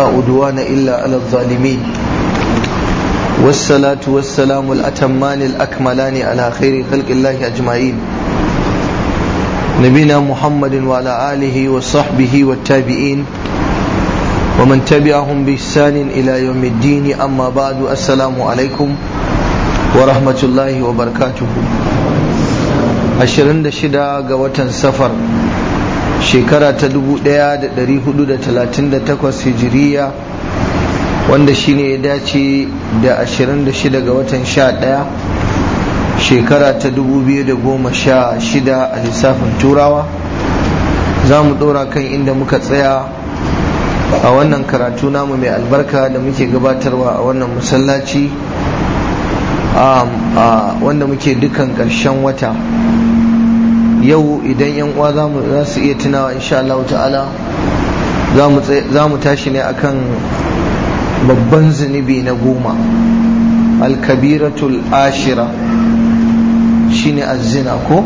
لا عدوان إلا على الظالمين والصلاة والسلام الأتمان الأكملان على خير خلق الله أجمعين نبينا محمد وعلى آله وصحبه والتابعين ومن تبعهم بإحسان إلى يوم الدين أما بعد السلام عليكم ورحمة الله وبركاته 26 ga watan safar shekara ta 1438 hijiriya wanda shine ya dace da 26 ga watan 11 shekara ta 2016 a lissafin turawa za mu dora kan inda muka tsaya a wannan karatu namu mai albarka da muke gabatarwa a wannan masallaci wanda muke dukan karshen wata yau idan yan uwa za su iya tunawa insha Allah ta'ala za mu tashi ne akan babban zunubi na goma alkabiratul ashira shine azzina ko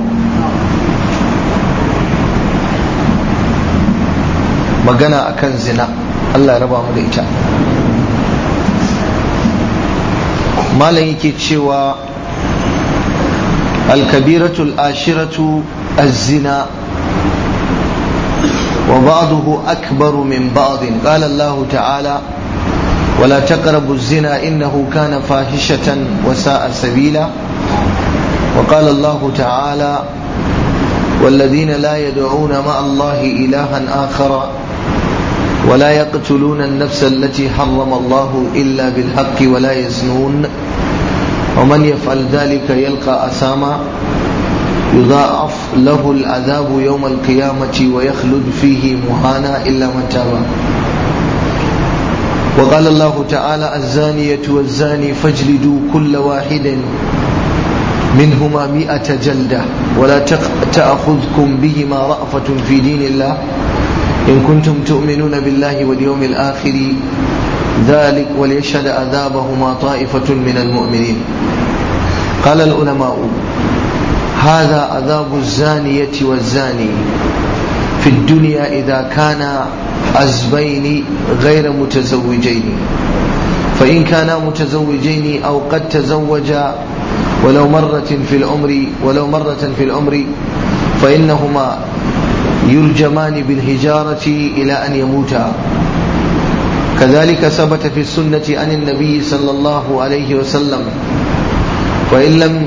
magana akan zina Allah raba mu da ita malam yake cewa alkabiratul ashiratu الزنا وبعضه أكبر من بعض قال الله تعالى ولا تقربوا الزنا إنه كان فاحشة وساء سبيلا وقال الله تعالى والذين لا يدعون مع الله إلها آخر ولا يقتلون النفس التي حرم الله إلا بالحق ولا يزنون ومن يفعل ذلك يلقى أساما يضاعف له العذاب يوم القيامة ويخلد فيه مهانا إلا من تاب وقال الله تعالى الزانية والزاني فاجلدوا كل واحد منهما مئة جلدة ولا تأخذكم بهما رأفة في دين الله إن كنتم تؤمنون بالله واليوم الآخر ذلك وليشهد عذابهما طائفة من المؤمنين قال العلماء هذا عذاب الزانية والزاني في الدنيا إذا كان عزبين غير متزوجين فإن كانا متزوجين أو قد تزوجا ولو مرة في العمر ولو مرة في العمر فإنهما يرجمان بالهجارة إلى أن يموتا كذلك ثبت في السنة عن النبي صلى الله عليه وسلم فإن لم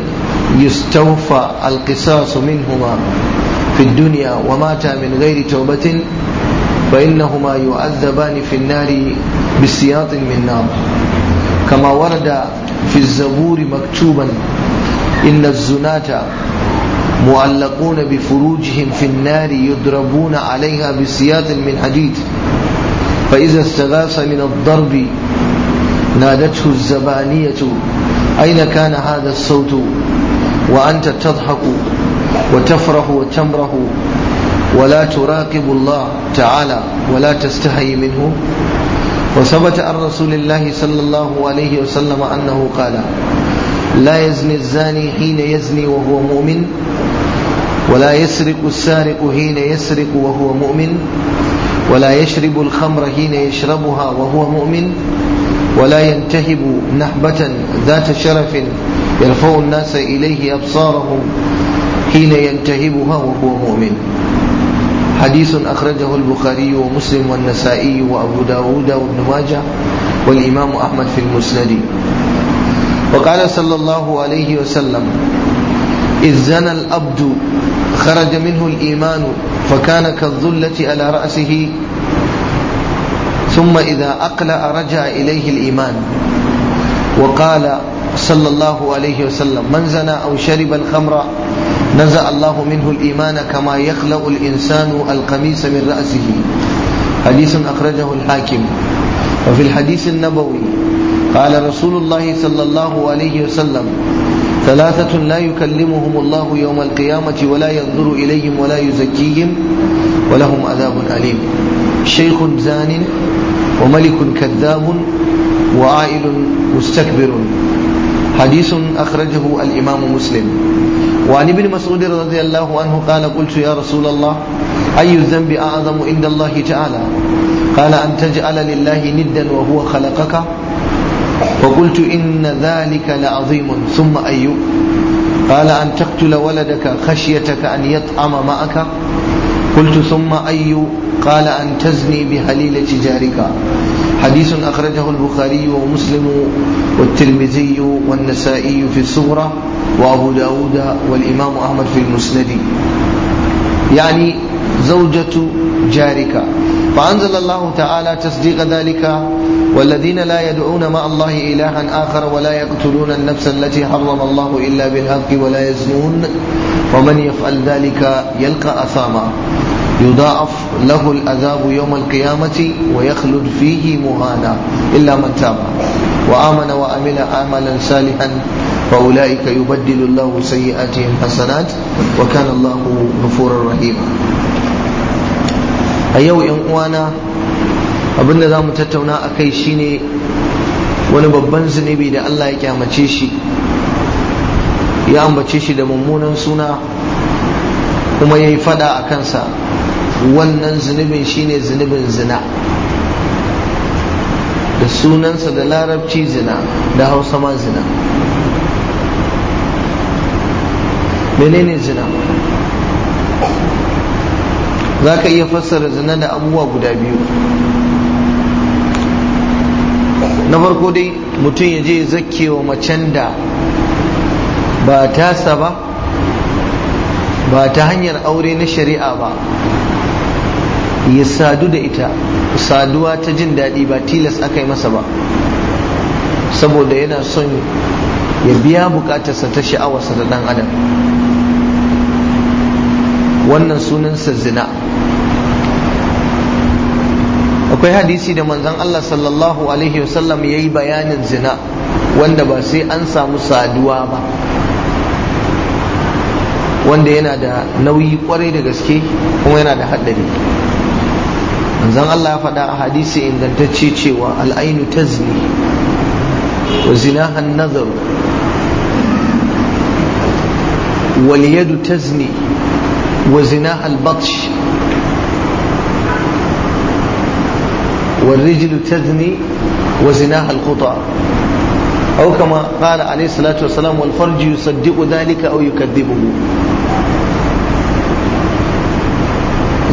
يستوفى القصاص منهما في الدنيا وماتا من غير توبة فإنهما يعذبان في النار بسياط من نار كما ورد في الزبور مكتوبا إن الزناة معلقون بفروجهم في النار يضربون عليها بسياط من حديد فإذا استغاث من الضرب نادته الزبانية أين كان هذا الصوت وأنت تضحك وتفرح وتمرح ولا تراقب الله تعالى ولا تستحي منه وثبت عن رسول الله صلى الله عليه وسلم أنه قال لا يزني الزاني حين يزني وهو مؤمن ولا يسرق السارق حين يسرق وهو مؤمن ولا يشرب الخمر حين يشربها وهو مؤمن ولا ينتهب نحبة ذات شرف يرفع الناس إليه أبصارهم حين ينتهبها وهو مؤمن حديث أخرجه البخاري ومسلم والنسائي وأبو داود وابن ماجه والإمام أحمد في المسند وقال صلى الله عليه وسلم إذ زنى الأبد خرج منه الإيمان فكان كالظلة على رأسه ثم إذا أقلع رجع إليه الإيمان وقال صلى الله عليه وسلم من زنى أو شرب الخمر نزع الله منه الإيمان كما يخلق الإنسان القميص من رأسه حديث أخرجه الحاكم وفي الحديث النبوي قال رسول الله صلى الله عليه وسلم ثلاثة لا يكلمهم الله يوم القيامة ولا ينظر إليهم ولا يزكيهم ولهم عذاب أليم شيخ زان وملك كذاب وعائل مستكبر حديث أخرجه الإمام مسلم وعن ابن مسعود رضي الله عنه قال قلت يا رسول الله أي الذنب أعظم عند الله تعالى قال أن تجعل لله ندا وهو خلقك فقلت إن ذلك لعظيم ثم أي قال أن تقتل ولدك خشيتك أن يطعم معك قلت ثم أي قال أن تزني بهليلة جارك حديث أخرجه البخاري ومسلم والترمذي والنسائي في الصغرى وأبو داود والإمام أحمد في المسند يعني زوجة جارك فأنزل الله تعالى تصديق ذلك والذين لا يدعون مع الله إلها آخر ولا يقتلون النفس التي حرم الله إلا بالحق ولا يزنون ومن يفعل ذلك يلقى أثاما يضاعف له العذاب يوم القيامة ويخلد فيه مهانا إلا من تاب وآمن وعمل عملا صالحا فأولئك يبدل الله سيئاتهم حسنات وكان الله غفورا رحيما أيوة يوم أنا abin da za mu tattauna a kai shine wani babban zunubi da Allah ya kyamace shi ya ambace shi da mummunan suna kuma ya yi fada a kansa wannan zunubin shine zunubin zina da sunansa da larabci zina da hausa ma zina menene zina za ka iya fassara zina da abubuwa guda biyu na farko dai mutum ya je wa macen da ba tasa ba ba ta hanyar aure na shari'a ba ya sadu da ita saduwa ta jin daɗi ba tilas aka yi masa ba saboda yana son ya biya bukatarsa ta sha'awarsa da ɗan adam wannan sunansa zina akwai hadisi da manzon Allah sallallahu alaihi wasallam ya yi bayanin zina wanda ba sai an samu saduwa ba wanda yana da nauyi kwarai da gaske kuma yana da haɗari manzon Allah ya faɗa a hadisi ingantacce cewa al'ainu tazni wa zinaha nazaru wal yadu tazni wa zinaha al-batsh والرجل تذني وزناها الخطأ أو كما قال عليه الصلاة والسلام والفرج يصدق ذلك أو يكذبه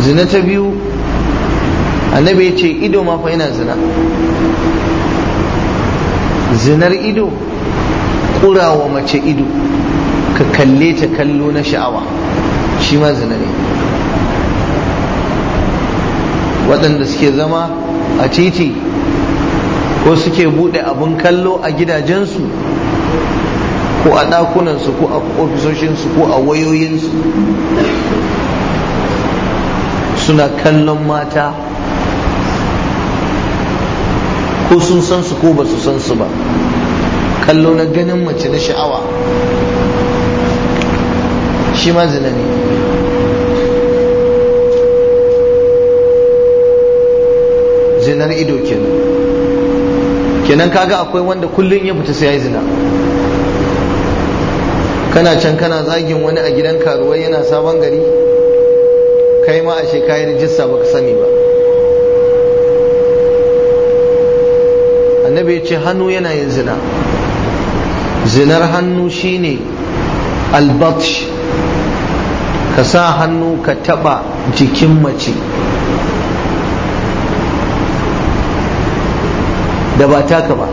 زنا تبيو annabi ya ce ido ma fa yana zina zinar ido kurawa mace ido ka kalle ta kallo na sha'awa shi ma zina ne waɗanda suke zama a titi ko suke buɗe abin kallo a gidajensu ko a ɗakunansu ko a ofisoshinsu ko a wayoyinsu suna kallon mata ko sun san su ko basu su san su ba kallo na ganin mace na sha'awa shi ma zina ne zinar ido kenan kenan kaga akwai wanda kullum ya fita sai ya zina kana can kana zagin wani a gidan karuwa yana sabon gari kai ma a shekayar jissa baka sani ba annabi ce hannu yana yin zina zinar hannu shine albatsh ka sa hannu ka taba jikin mace da ba taka ba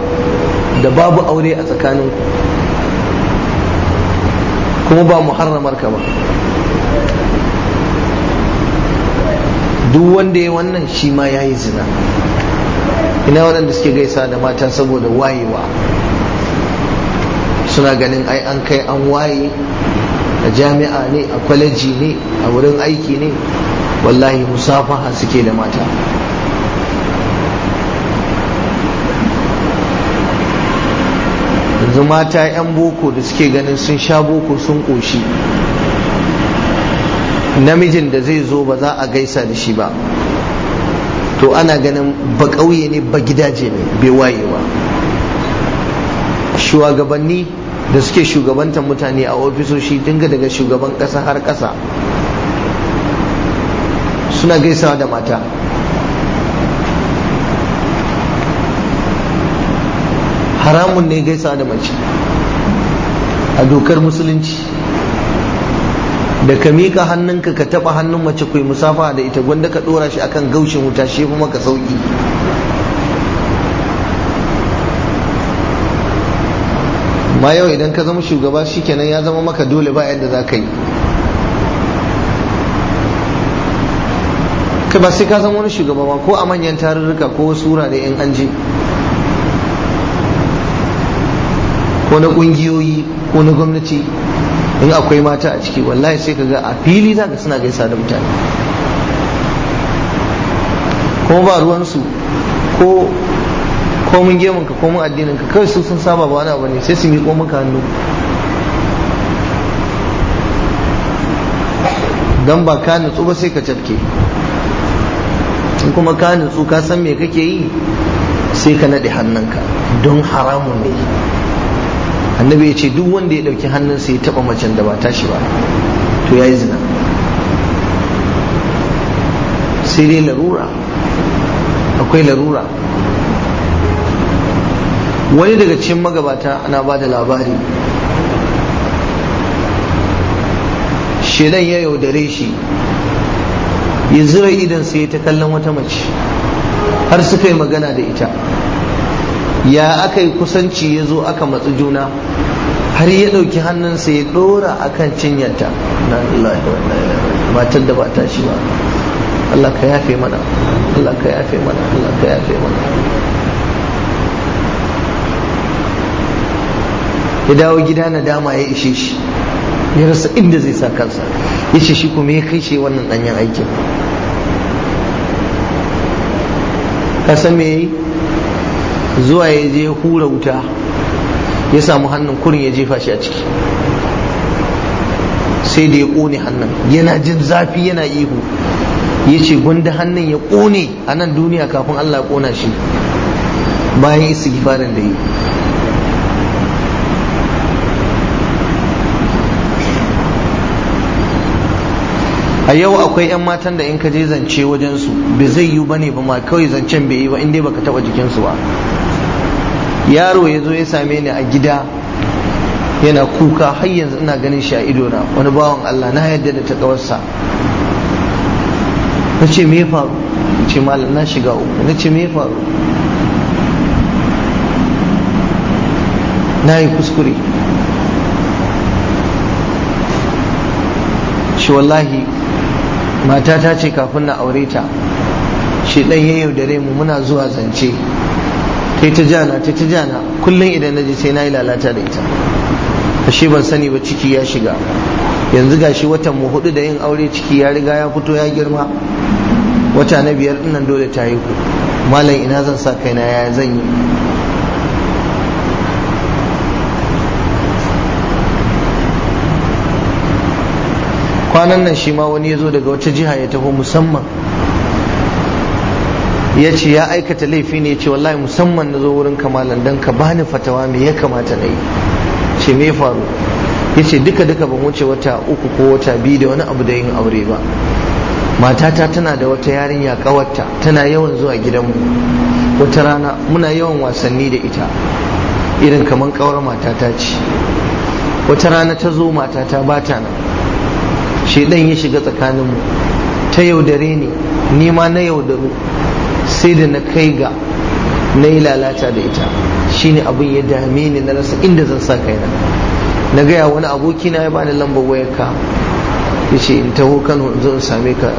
da babu aure a tsakaninku kuma ba muharramar ka ba duk wanda ya wannan shi ma ya yi zina ina waɗanda suke gaisa da mata saboda wayewa suna ganin ai an kai an waye a jami'a ne a kwaleji ne a wurin aiki ne wallahi musafaha suke da mata yanzu mata 'yan boko da suke ganin sun sha boko sun koshi namijin da zai zo ba za a gaisa da shi ba to ana ganin ba ƙauye ne ba gidaje ne bai wayewa shugabanni da suke shugabantar mutane a ofisoshi dinga daga shugaban ƙasa har ƙasa suna gaisawa da mata haramun ne gaisawa da mace a dokar musulunci da ka mika hannunka ka taba hannun mace kai musafa da ita gwanda ka dora shi akan gaushin wuta shi kuma maka sauƙi ma yau idan ka zama shugaba shikenan ya zama maka dole ba yadda za ka yi kai ba sai ka zama wani shugaba ba ko a manyan tarurruka ko sura da yan anji ko na ƙungiyoyi ko na gwamnati in akwai mata a ciki wallahi sai ka ga a fili za ka suna gaisa da mutane ko ba ruwansu ko ko mun gemun ka ko mun addininka kawai su sun saba ba wani abu ne sai su miƙo maka hannu dan ba ka nutsu ba sai ka cafke in kuma ka nutsu ka san me kake yi sai ka naɗe hannunka don haramun ne annabi ya ce duk wanda ya ɗauki hannunsa ya taɓa macen da ba tashi ba to ya yi zina sai dai larura akwai larura wani daga cikin magabata ana ba da labari shedan ya yaudare shi ya zira idan sai ta kallon wata mace har suka yi magana da ita ya aka yi kusanci ya zo aka matsi juna har ya ɗauki hannunsa ya ɗora a kan cinyarta na lillahi wa matar da ba ta shi ba Allah ka yafe mana Allah ka yafe mana Allah ka yafe mana ya dawo gida na dama ya ishe shi ya rasa inda zai sa kansa ya ce shi kuma ya kai shi wannan ɗanyen aikin ka san me yi zuwa ya je hura wuta ya samu hannun kurin ya jefa shi a ciki sai da ya ƙone hannun yana jin zafi yana ihu ya ce gwanda hannun ya ƙone a nan duniya kafin Allah ƙona shi bayan gifarin da yi a yau akwai 'yan matan da in ka je zance wajen su bai zai yi bane ba ma kawai zancen bai yi ba in dai baka taba jikinsu ba yaro ya zo ya same ni a gida yana kuka har yanzu ina ganin shi a idona wani bawan Allah na yadda da takawarsa na ce me faru ce malam na shiga uku na ce me faru na yi kuskure ce wallahi mata ta ce kafin na aure ta shi dan ya yaudare mu muna zuwa zance ta ta jana ta ta jana kullum idan na ji sai na yi lalata da ita ashe ban sani ba ciki ya shiga yanzu gashi watan mu hudu da yin aure ciki ya riga ya fito ya girma wata na biyar dinnan dole ta yi ku. malam ina zan sa kaina ya zan yi kwanan nan shi ma wani ya zo daga wata jiha ya taho musamman ya ce ya aikata laifi ne ya ce wallahi musamman na zo wurin kamalan don ka bani fatawa mai ya kamata na yi ce me faru ya ce duka duka ban wuce wata uku ko wata biyu da wani abu da yin aure ba matata tana da wata yarinya kawarta tana yawan zuwa gidanmu wata rana muna yawan wasanni da ita irin kamar kawar matata ce wata rana ta zo matata ba ta nan shedan ya shiga tsakaninmu ta yaudare ni nima na yaudaru sai da na kai ga na yi lalata da ita shine abin ya dame ni na rasa inda zan sa kaina na gaya wani aboki na ya bani lambar wayarka ya ce in taho kano in zo in same ka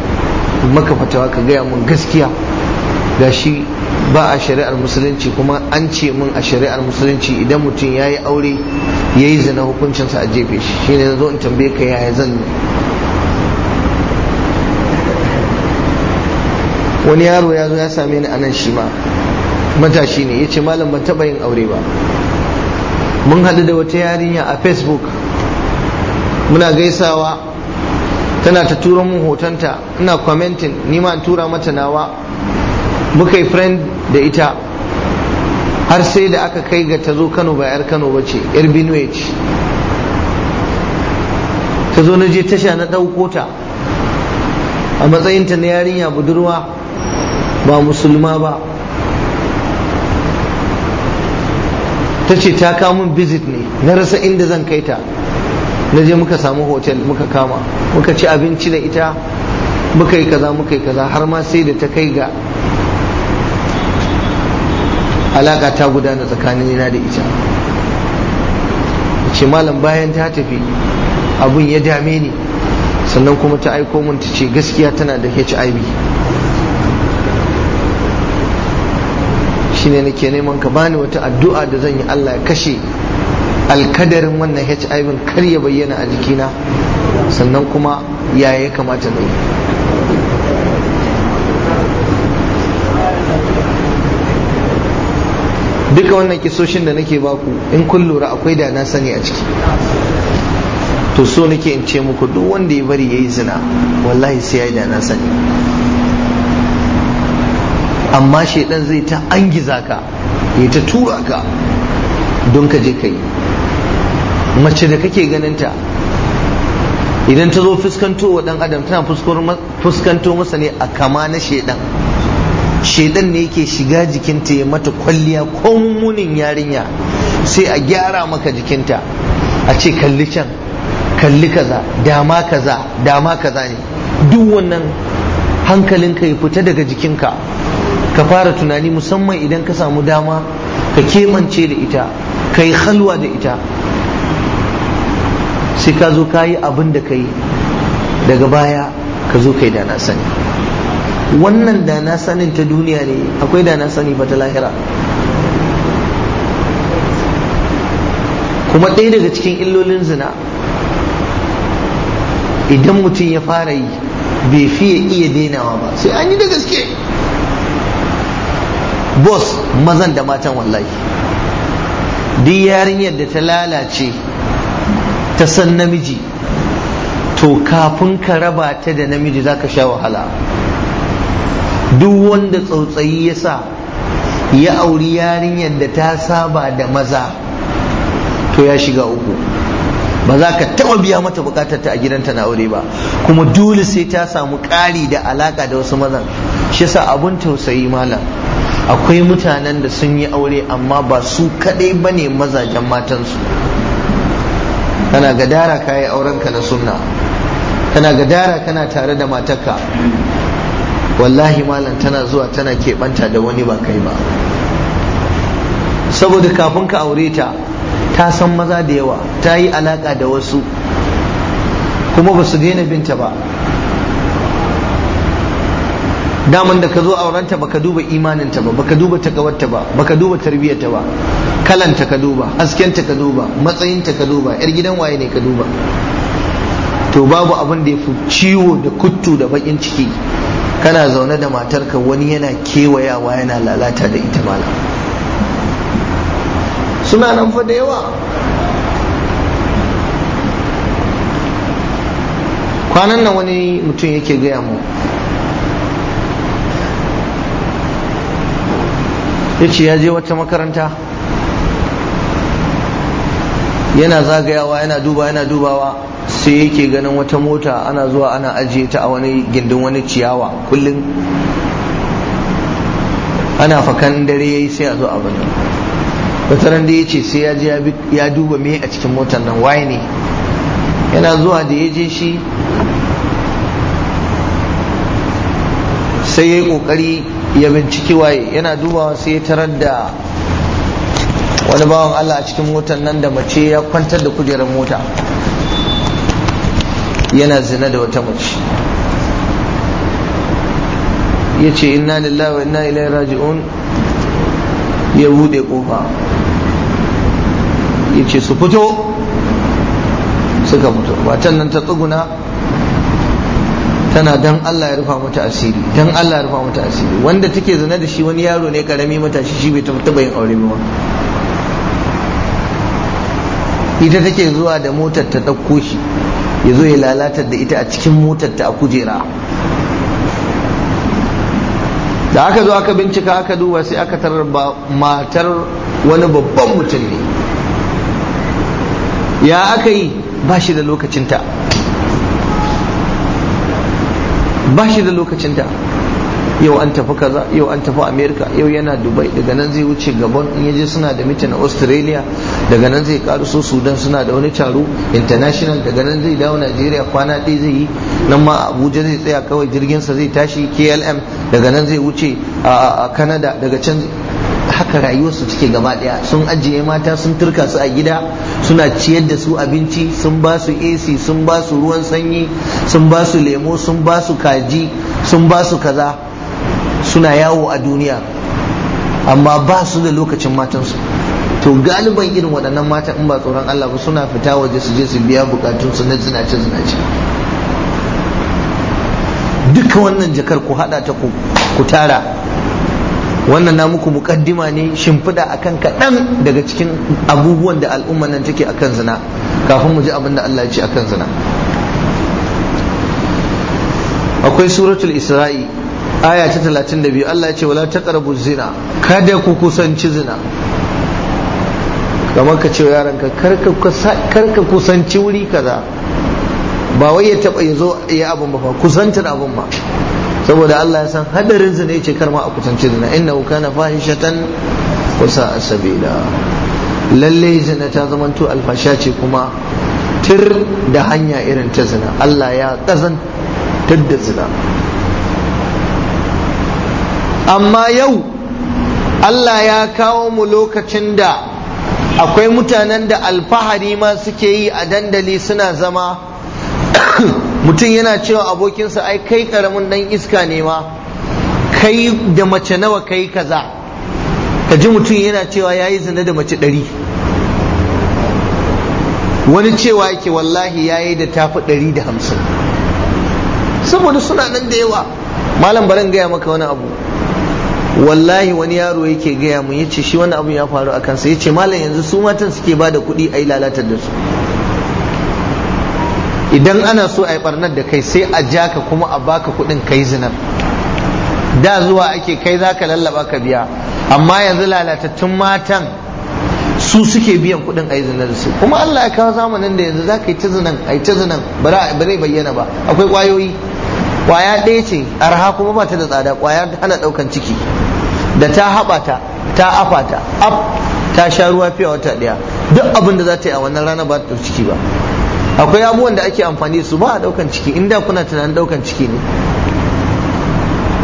maka fatawa ka gaya mun gaskiya shi ba a shari'ar musulunci kuma an ce mun a shari'ar musulunci idan mutum ya yi aure ya yi zina hukuncinsa a jefe shi shine zo in tambaye ka yaya zan wani yaro ya zo ya same ni anan shi ma matashi ne ya ce malam ban taɓa yin aure ba mun haɗu da wata yarinya a facebook muna gaisawa tana ta tura mun hotonta ina commenting ni ma tura mata nawa muka yi friend da ita har sai da aka kai ga tazo kano ba yar kano bace yar benue ce ta zo na je tasha na ɗauko ta a matsayinta na yarinya budurwa ba musulma ba ta ce ta kamun bizit ne na rasa inda zan kai ta na je muka samu hotel muka kama muka ci abinci da ita muka yi kaza muka yi kaza har ma sai da ta kai ga alaka ta gudana tsakanin tsakanina da ita ce malam bayan ta tafi abun ya dame ni sannan kuma ta aiko mun ta ce gaskiya tana da hiv shine nake neman ka bani wata addu'a da zan yi Allah ya kashe alkadarin wannan HIV kar ya bayyana a jikina sannan kuma ya ya kamata na yi duka wannan kisoshin da nake baku in kun lura akwai da na sani a ciki to so nake in ce muku duk wanda ya bari ya yi zina wallahi sai ya yi da na sani amma shaidan zai ta angiza ka ya ta tura ka don ka je kai mace da kake ganinta idan ta zo fuskanto wa dan adam tana fuskanto masa ne a kama na shaidan shaidan ne yake shiga jikinta ya mata kwalliya ko munin yarinya sai a gyara maka jikinta a ce kalli can kalli kaza dama kaza dama kaza ne duk wannan hankalinka ya fita daga jikinka ka fara tunani musamman idan ka samu dama ka keɓance da ita ka yi halwa da ita sai ka zo ka yi abin da ka yi daga baya ka zo ka yi dana sani wannan dana sanin ta duniya ne akwai dana sani ba ta lahira kuma ɗaya daga cikin illolin zina idan mutum ya fara yi bai fiye iya denawa ba sai an yi da gaske bos mazan da matan wallahi duk yarinyar da ta lalace ta san namiji to kafin ka raba ta da namiji za ka sha wahala duk wanda tsautsayi ya sa ya auri yarinyar da ta saba da maza to ya shiga uku ba za ka taɓa biya mata bukatar ta a gidanta na aure ba kuma dole sai ta samu ƙari da alaƙa da wasu mazan shi sa abun tausayi malam akwai mutanen da sun yi aure amma ba su kadai ba ne mazajen matansu kana gadara ka yi aurenka na sunna kana gadara kana tare da matarka wallahi malam tana zuwa tana keɓanta da wani ba kai ba saboda kafin ka aure ta ta san maza da yawa ta yi alaƙa da wasu kuma ba su daina binta ba daman da ka zo a aurenta baka duba imaninta ba baka duba takawarta ba baka duba tarbiyyarta ba kalanta ka duba ta ka duba matsayinta ka duba yar gidan waye ne ka duba to babu abin da ya fi ciwo da kuttu da bakin ciki kana zaune da matar ka wani yana kewayawa yana lalata da ita mala suna nan fa da yawa kwanan nan wani mutum yake gaya mu ya ce ya je wata makaranta yana zagayawa yana duba yana dubawa sai yake ganin wata mota ana zuwa ana ajiye ta a wani gindin wani ciyawa kullum ana fakan dare yayi sai a zo a wata wataran da ya ce sai ya je ya duba me a cikin motar nan waye ne yana zuwa da ya je shi sai ya yi kokari ya binciki waye yana dubawa sai ya tarar da wani bawan Allah a cikin motar nan da mace ya kwantar da kujerar mota yana zina da wata mace ya ce inna lillahi wa inna ilaihi raji'un ya bude kofa ya ce su fito suka fito watan nan ta tsuguna tana dan Allah ya rufa mata asiri dan Allah ya rufa mata asiri wanda take zina da shi wani yaro ne karami matashi shi bai taba yin aure ba ita take zuwa da motar ta dauko shi ya zo ya lalatar da ita a cikin motar ta a kujera da aka zo aka bincika aka duba sai aka tarar ba matar wani babban mutum ne ya aka yi ba shi da lokacinta ba shi da da yau an tafi kaza yau an tafi america yau yana dubai daga nan zai wuce gabon in yaje suna da mita a australia daga nan zai karu so sudan suna da wani taro international daga nan zai dawo nigeria kwana ɗaya zai yi nan ma abuja zai tsaya kawai jirgin sa zai tashi klm daga nan zai wuce a canada daga can haka rayuwarsu take gaba daya sun ajiye mata sun turka su a gida suna ciyar da su abinci sun ba su AC sun ba su ruwan sanyi sun ba su lemo sun ba su kaji sun ba su kaza suna yawo a duniya amma ba su da lokacin matansu to galiban irin waɗannan mata in ba tsoron Allah ba suna fita waje su je su biya bukatun su na zinace zinace duka wannan jakar ku hada ta ku tara wannan na muku mukaddima ne shimfiɗa akan kaɗan daga cikin abubuwan da al'umma nan take akan zina kafin mu ji abin da Allah ya ce akan zina akwai suratul isra'i aya ta 32 Allah ya ce wala taqrabu zina kada ku kusanci zina kamar ka ce kar karka kusanci wuri kaza ba wai ya taba ya zo ya abun ba kusantar abun ba saboda Allah ya san hadarin zina yace karma a kusanci zina innahu kana fahishatan kusa sa'a sabila lalle zina ta zamanto alfasha ce kuma tir da hanya irin ta zina Allah ya tir da zina amma yau Allah ya kawo mu lokacin da akwai mutanen da alfahari ma suke yi a dandali suna zama mutum yana cewa abokinsa ai kai karamin dan iska ne ma kai da mace nawa kai kaza ka ji mutum yana cewa ya yi zina da mace ɗari wani cewa yake wallahi ya yi da tafi ɗari da hamsin saboda suna nan da yawa malam baran gaya maka wani abu wallahi wani yaro yake gaya mun yace shi wani abu ya faru a kansa yace malam yanzu su matan suke bada da kuɗi a yi lalatar da su idan ana so a yi barnar da kai sai a ja ka kuma a baka kuɗin kai zinar da zuwa ake kai za ka lallaba ka biya amma yanzu lalatattun matan su suke biyan kuɗin a yi zinar su kuma Allah ya kawo zamanin da yanzu za ka yi ta zinan a yi ta zinan ba zai bayyana ba akwai kwayoyi kwaya ɗaya ce arha kuma ba ta da tsada ƙwaya hana ɗaukan ciki da ta haɓa ta ta afa ta ta sha ruwa fiye wata ɗaya duk abin da za ta yi a wannan rana ba ta ciki ba akwai abubuwan da ake amfani su ba a daukan ciki inda kuna tunanin daukan ciki ne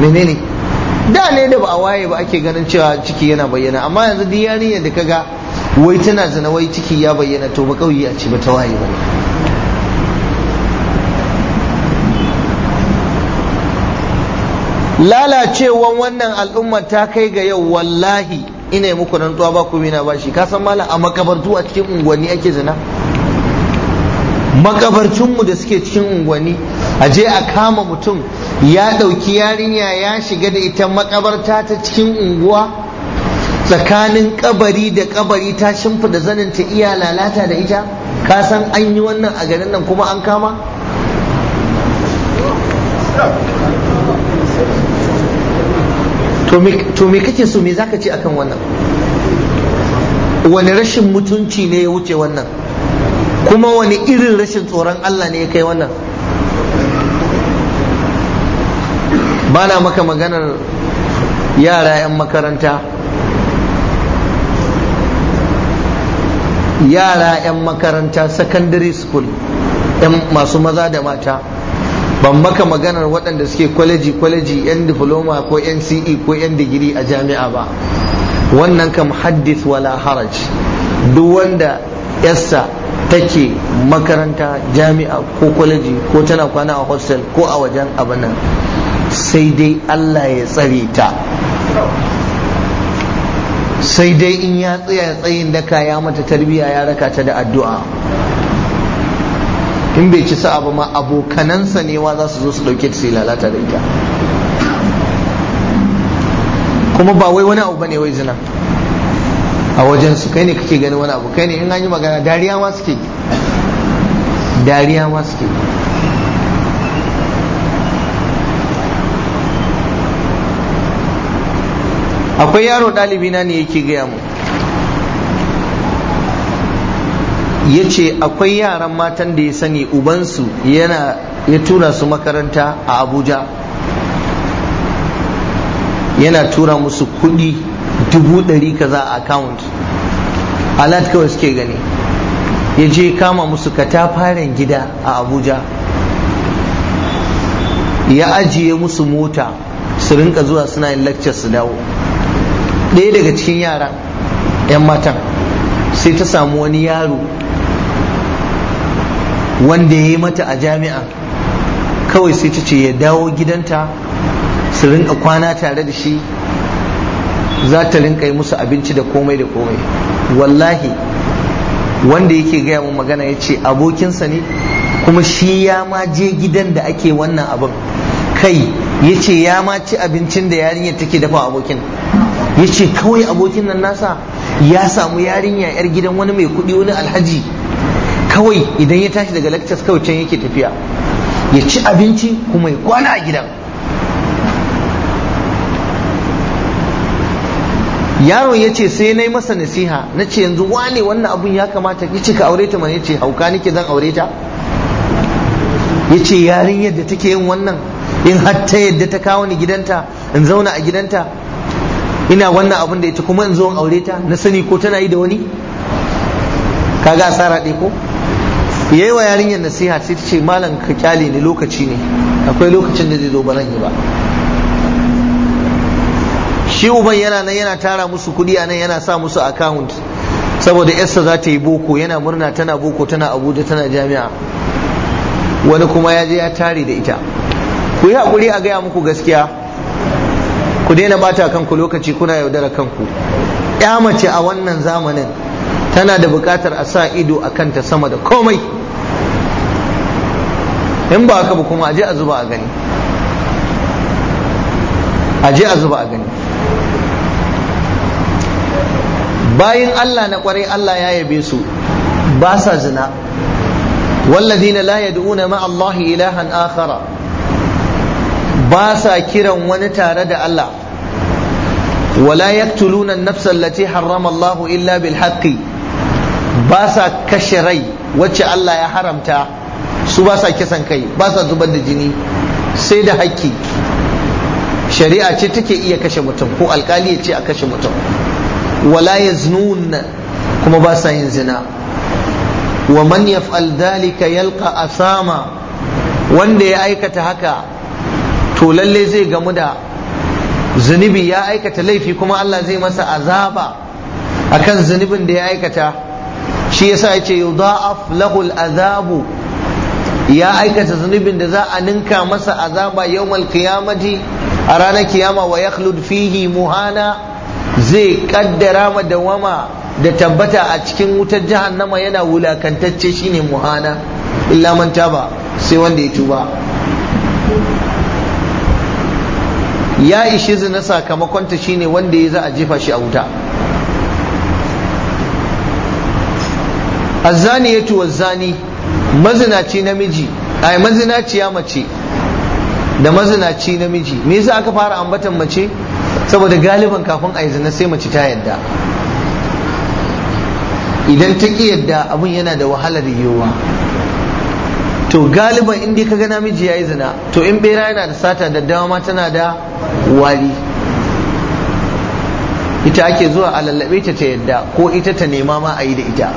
menene da ne da ba a waye ba ake ganin cewa ciki yana bayyana amma yanzu duk yarinyar da kaga wai tana zina wai ciki ya bayyana to ba kauye a ce ba ta waye ba lalacewan wannan al'ummar ta kai ga yau wallahi ina muku rantsuwa ba ku mina ba shi ka mala a makabartu a cikin unguwanni ake zina makabarcinmu da suke cikin unguwanni a je a kama mutum ya ɗauki yarinya ya shiga da ita makabarta ta cikin unguwa tsakanin kabari da kabari ta shimfida zanin ta iya lalata da ita ka san an yi wannan a garin nan kuma an kama to me kake so me zaka ce akan wannan wani rashin mutunci ne ya wuce wannan kuma wani irin rashin tsoron Allah ne ya kai wannan ba na maka maganar yara 'yan makaranta yara 'yan makaranta secondary school 'yan masu maza da mata ban maka maganar waɗanda suke kwaleji kwaleji 'yan diploma ko 'yan C.E, ko 'yan digiri a jami'a ba wannan kam haddith wala haraj duk wanda yassa take makaranta jami'a ko kwaleji ko tana kwana a hostel ko a wajen abin sai dai Allah ya tsare ta sai dai in ya tsaya tsayin daka ya mata tarbiyya ya raka ta da addu'a in bai ci sa ba ma abokanansa ne wa za su zo su dauke ta sai lalata da ita kuma ba wai wani abu ne wai zina a wajen su kai ne kake gani wani abu kai ne in an yi magana dariya ma suke dariya ma suke akwai yaro na ne yake gaya mu ya ce akwai yaran matan da ya sani ubansu yana ya tura su makaranta a abuja yana tura musu kuɗi dubu ɗari kaza a account alat kawai suke gani ya je kama musu katafaren gida a abuja ya ajiye musu mota su rinka zuwa suna yin lectures su dawo ɗaya daga cikin yaran 'yan matan sai ta samu wani yaro wanda ya yi mata a jami'a kawai sai ta ce ya dawo gidanta su rinka kwana tare da shi za ta rinka yi musu abinci da komai da komai wallahi wanda yake gaya mun magana ya ce abokinsa ne kuma shi ya ma je gidan da ake wannan abin kai ya ce ya ma ci abincin da yarinyar take dafa abokin ya ce kawai abokin nan nasa ya samu yarinya yar gidan wani mai kuɗi wani alhaji kawai idan ya tashi daga lectures kawai can yake tafiya ya ci abinci kuma ya kwana a gidan yaron ya ce sai na yi masa nasiha na ce yanzu wane wannan abun ya kamata ya ce ka aure ta mana ya ce hauka nake zan aure ta ya ce yarin yadda take yin wannan in hatta yadda ta kawo ni gidanta in zauna a gidanta ina wannan abun da ya ce kuma in zo in aure ta na sani ko tana yi da wani kaga asara ɗaya ko yayi wa yarinyar nasiha sai ta ce malam ka kyale ni lokaci ne akwai lokacin da zai zo ba zan yi ba shi uban yana nan yana tara musu kuɗi a nan yana sa musu account saboda yarsa za ta yi boko yana murna tana boko tana abuja tana jami'a wani kuma ya je ya tare da ita ku yi haƙuri a gaya muku gaskiya ku daina bata kanku lokaci kuna yaudara kanku ya mace a wannan zamanin tana da buƙatar a sa ido a kanta sama da komai in ba haka ba kuma je a zuba a gani je a zuba a gani bayin Allah na kwarai Allah ya yabe su ba sa zina walladhina la yad'una ma Allah ilahan akhara ba sa kiran wani tare da Allah wala yaqtuluna an-nafsa allati harrama Allah illa bil haqqi ba sa kashe rai wacce Allah ya haramta su ba sa kisan kai ba sa zubar da jini sai da haƙƙi shari'a ce take iya kashe mutum ko alkali ya ce a kashe mutum wala yaznun kuma ba sa yin zina wa man yaf'al dhalika yalqa asama wanda ya aikata haka to lalle zai gamu da zunubi ya aikata laifi kuma Allah zai masa azaba akan zunubin da ya aikata shi yasa yace yudha'af lahu al'azabu ya aikata zunubin da za a ninka masa azaba yawmal qiyamati a ranar kiyama wa yakhlud fihi muhana zai kaddara ma dawama da tabbata a cikin wutar jahannama yana wulakantacce shine muhana illa man taba sai wanda ya tuba ya ishi zina sakamakonta shine wanda ya za a jefa shi a wuta azzani ya tuwa zani mazinaci namiji ai mazinaciya mace da mazinaci namiji me za aka fara ambatan mace saboda galiban kafin a yi zina sai mace ta yadda idan ta ki yadda abun yana da wahalar yiwuwa to galiban in ka ga namiji ya yi zina to in bera yana da sata da dama tana da wari ita ake zuwa a lallabe ta ta yadda ko ita ta nema ma a yi da ita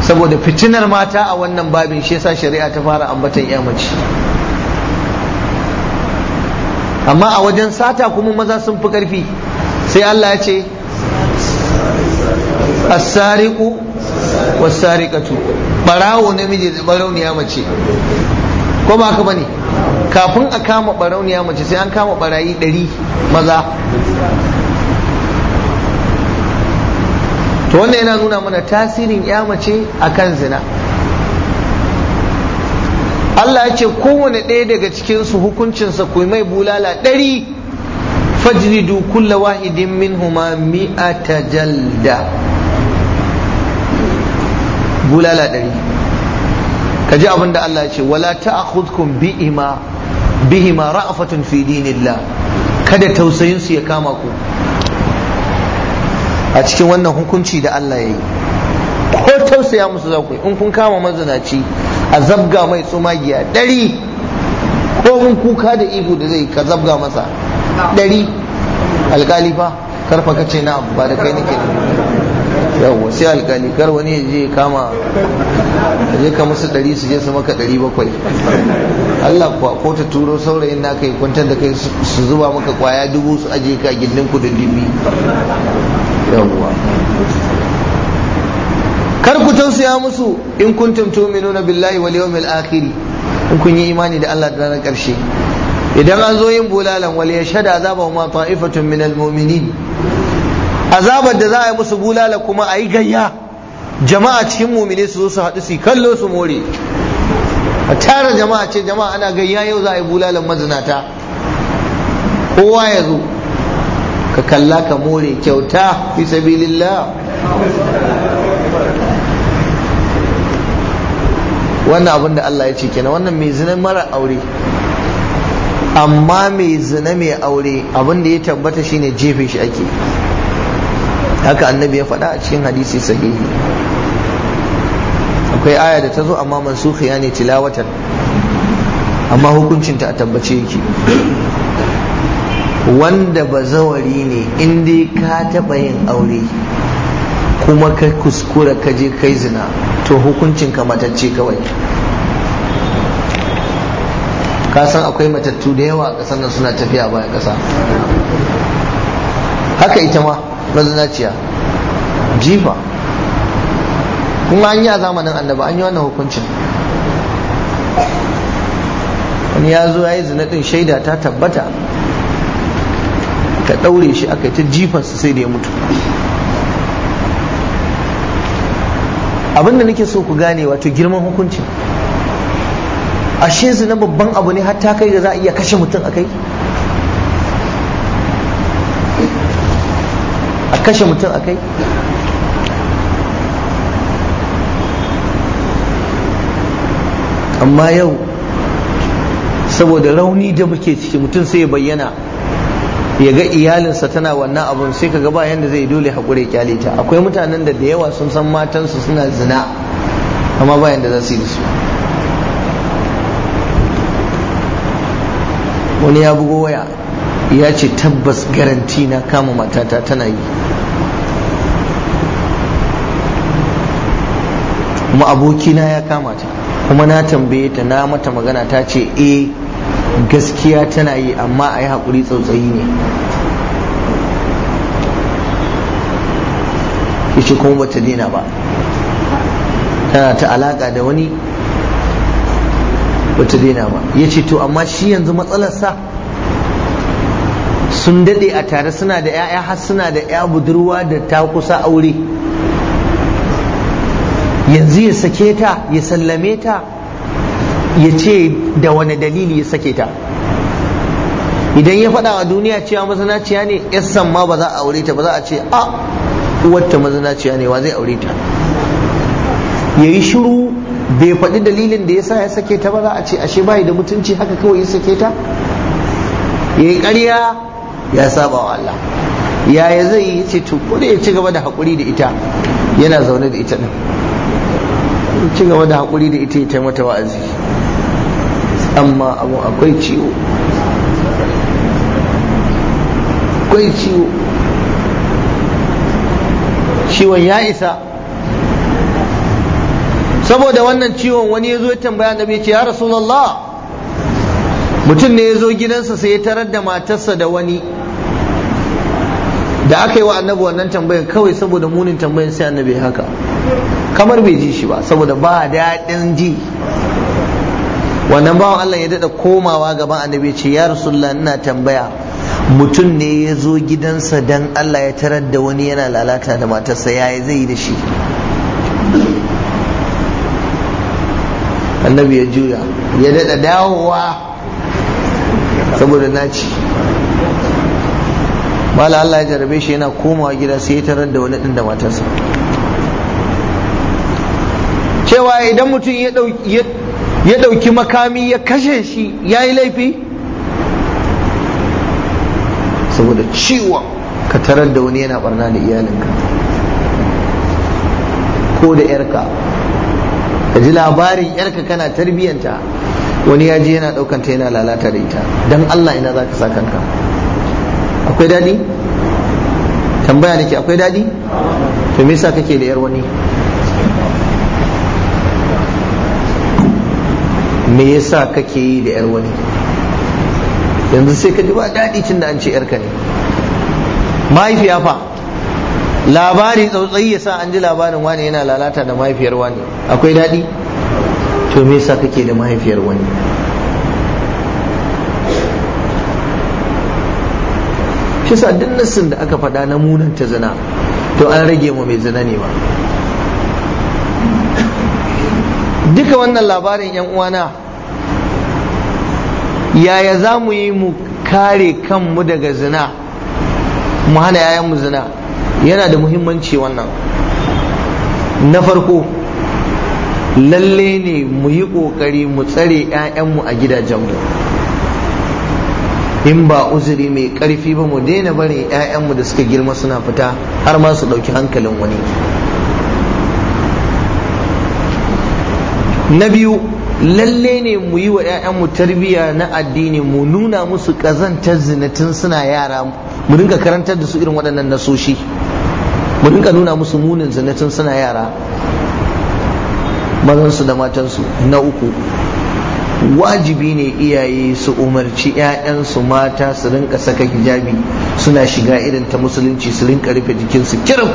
saboda fitinar mata a wannan babin shi yasa shari'a ta fara ambatan ya mace amma a wajen sata kuma maza sun fi karfi sai Allah ya ce asariku sariqu was barawo namiji da barauniya mace ko ba haka bane kafin a kama barauniya mace sai an kama barayi ɗari maza to wannan yana nuna mana tasirin ya mace a kan zina Allah ya ce kowane ɗaya daga cikinsu hukuncinsa ku mai bulala ɗari fajridu kulla wahidin huma mi'ata jalda bulala ɗari ka ji abin da Allah ya ce wala ta'khudkum bi'ima bihima ra'afatun fi dinillah kada tausayinsu ya kama ku a cikin wannan hukunci da Allah ya yi ko tausaya musu za ku in kun kama mazinaci a zabga mai tsumagiya ɗari ko mun kuka da ihu da zai ka zabga masa ɗari alkali fa karfa ka ce na ba da kai nake yawwa sai alkali kar wani ya je kama ya je ka musu ɗari su je su maka ɗari bakwai Allah kuwa ko ta turo saurayin na kai kwantar da kai su zuba maka kwaya dubu su aje ka gindin kudin dubi yawwa kar ku tausaya musu in kuntum tu'minuna billahi wal yawmil akhir in kun yi imani da Allah da ranar karshe idan an zo yin bulalan wal yashhadu azaba ma ta'ifatun minal mu'minin azabar da za a yi musu bulala kuma a yi gayya jama'a cikin mu'mini su zo su haɗu su kallo su more a tara jama'a ce jama'a ana gayya yau za a yi bulalan mazinata kowa ya zo ka kalla ka more kyauta fi sabilillah wannan abin da Allah ya ce kenan wannan mai zina mara aure amma mai zina mai aure abin da ya tabbata shine jefe shi ake haka annabi ya faɗa a cikin hadisi sahihi akwai aya da ta zo amma mansukhiya ne tilawatan amma hukuncin ta a tabbace yake wanda bazawari ne in dai ka taɓa yin aure kuma ka kuskura ka je kai zina to hukuncin ka matacce kawai ka san akwai matattu da yawa a ƙasar nan suna tafiya bayan ƙasa haka ita ma mazinaciya jifa kuma an yi a zamanin annaba an yi wannan hukuncin wani ya zo ya yi zinaɗin shaida ta tabbata ka ɗaure shi aka yi ta jifarsa sai da ya mutu abinda nake so ku gane wato girman hukunci ashe zina babban abu ne har ta kai da za a iya kashe mutum a kai a kashe mutum a kai amma yau saboda rauni da muke ciki mutum sai ya bayyana ya ga iyalinsa tana wannan abun sai ka ba yadda zai dole haƙure kyale ta akwai mutanen da da yawa sun san matansu suna zina amma ba yadda za su yi da su wani ya bugo waya ya ce tabbas garanti na kama matata tana yi kuma abokina ya kama ta kuma na tambaye ta na mata magana ta ce eh gaskiya tana yi amma a yi haƙuri tsautsayi ne yace kuma bata daina ba tana ta alaƙa da wani bata daina ba yace to amma shi yanzu matsalarsa sun daɗe a tare suna da 'ya'ya har suna da 'ya budurwa da ta kusa aure yanzu ya sake ta ya sallame ta ya ce da wani dalili ya sake ta idan ya faɗa a duniya cewa mazinaciya ne yassan ma ba za a aure ta ba za a ce a wata mazinaciya ne wa zai aure ta ya yi shiru bai faɗi dalilin da ya sa ya sake ta ba za a ce ashe bai da mutunci haka kawai ya sake ta ya yi ƙarya ya saba wa Allah yaya zai yi ce to ko da ya ci gaba da haƙuri da ita yana zaune da ita ɗin ci gaba da haƙuri da ita ya taimata wa'azi amma abu akwai ciwo akwai ciwo ciwon ya isa saboda wannan ciwon wani ya zo ya tambaya annabi ya ce ya rasulullah mutum ne ya zo gidansa sai ya tarar da matarsa da wani da aka yi wa annabi wannan tambayan kawai saboda munin tambayan sai annabi haka kamar bai ji shi ba saboda ba daɗin ji wannan bawan Allah ya daɗa komawa gaban annabi ce ya rasulullah ina tambaya mutum ne ya zo gidansa dan Allah ya tarar da wani yana lalata da matarsa yayi zai yi da shi annabi ya juya ya daɗa dawowa saboda naci mala Allah ya jarabe shi yana komawa gida sai ya tarar da wani ɗin da matarsa cewa idan mutum ya ya ɗauki makami ya kashe shi ya yi laifi saboda ciwon ka tarar da wani yana barna da iyalinka ko da yarka ka ji labarin yarka kana tarbiyyanta wani ya ji yana ɗaukanta yana lalata da ita don allah ina za ka sa kanka akwai daɗi tambaya nake akwai daɗi to yasa kake da yar wani me yasa kake yi da yar wani yanzu sai ka ji ba daɗi tun da an ce yarka ne mahaifiya fa labari tsautsayi yasa an ji labarin wani yana lalata da mahaifiyar wani akwai daɗi to me yasa kake da mahaifiyar wani shi sa duk nassin da aka faɗa na munanta zina to an rage mu mai zina ne ba duka wannan labarin yan uwana yaya za mu yi mu kare kanmu daga zina mu hana yayanmu zina yana da muhimmanci wannan na farko lalle ne mu yi ƙoƙari mu tsare 'ya'yanmu a gidajenmu in ba uzuri mai ƙarfi ba mu daina barin 'ya'yanmu da suka girma suna fita har ma su ɗauki hankalin wani na biyu lalle ne mu yi wa 'ya'yanmu tarbiyya na addini mu nuna musu ƙazantar zinatin suna yara mu dinga karantar da su irin waɗannan nasoshi mu dinga nuna musu munin zinatin suna yara mazansu da matansu na uku wajibi ne iyaye su umarci 'ya'yansu mata su rinka saka hijabi suna shiga irin ta musulunci su rinka rufe jikinsu kirim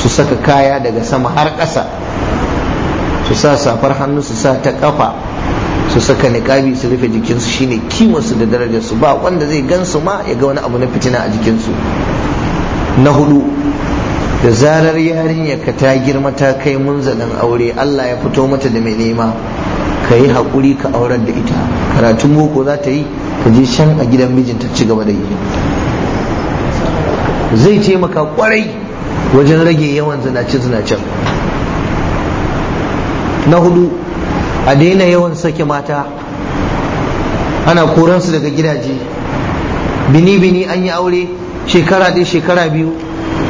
su saka kaya daga sama har ƙasa su sa safar hannu su sa ta ƙafa su saka niƙabi su rufe jikinsu shine kimarsu da darajarsu ba wanda zai gansu ma ya ga wani abu na fitina a jikinsu na hudu da zarar ka ta girma ta kai munzalin aure Allah ya fito mata da mai nema ka yi haƙuri ka aurar da ita karatun boko za ta yi ka je shan a gidan mijinta ci gaba da yi zai taimaka kwarai wajen rage yawan zinace zinace na hudu a daina yawan sake mata ana koransu daga gidaje bini-bini an yi aure shekara ɗaya shekara biyu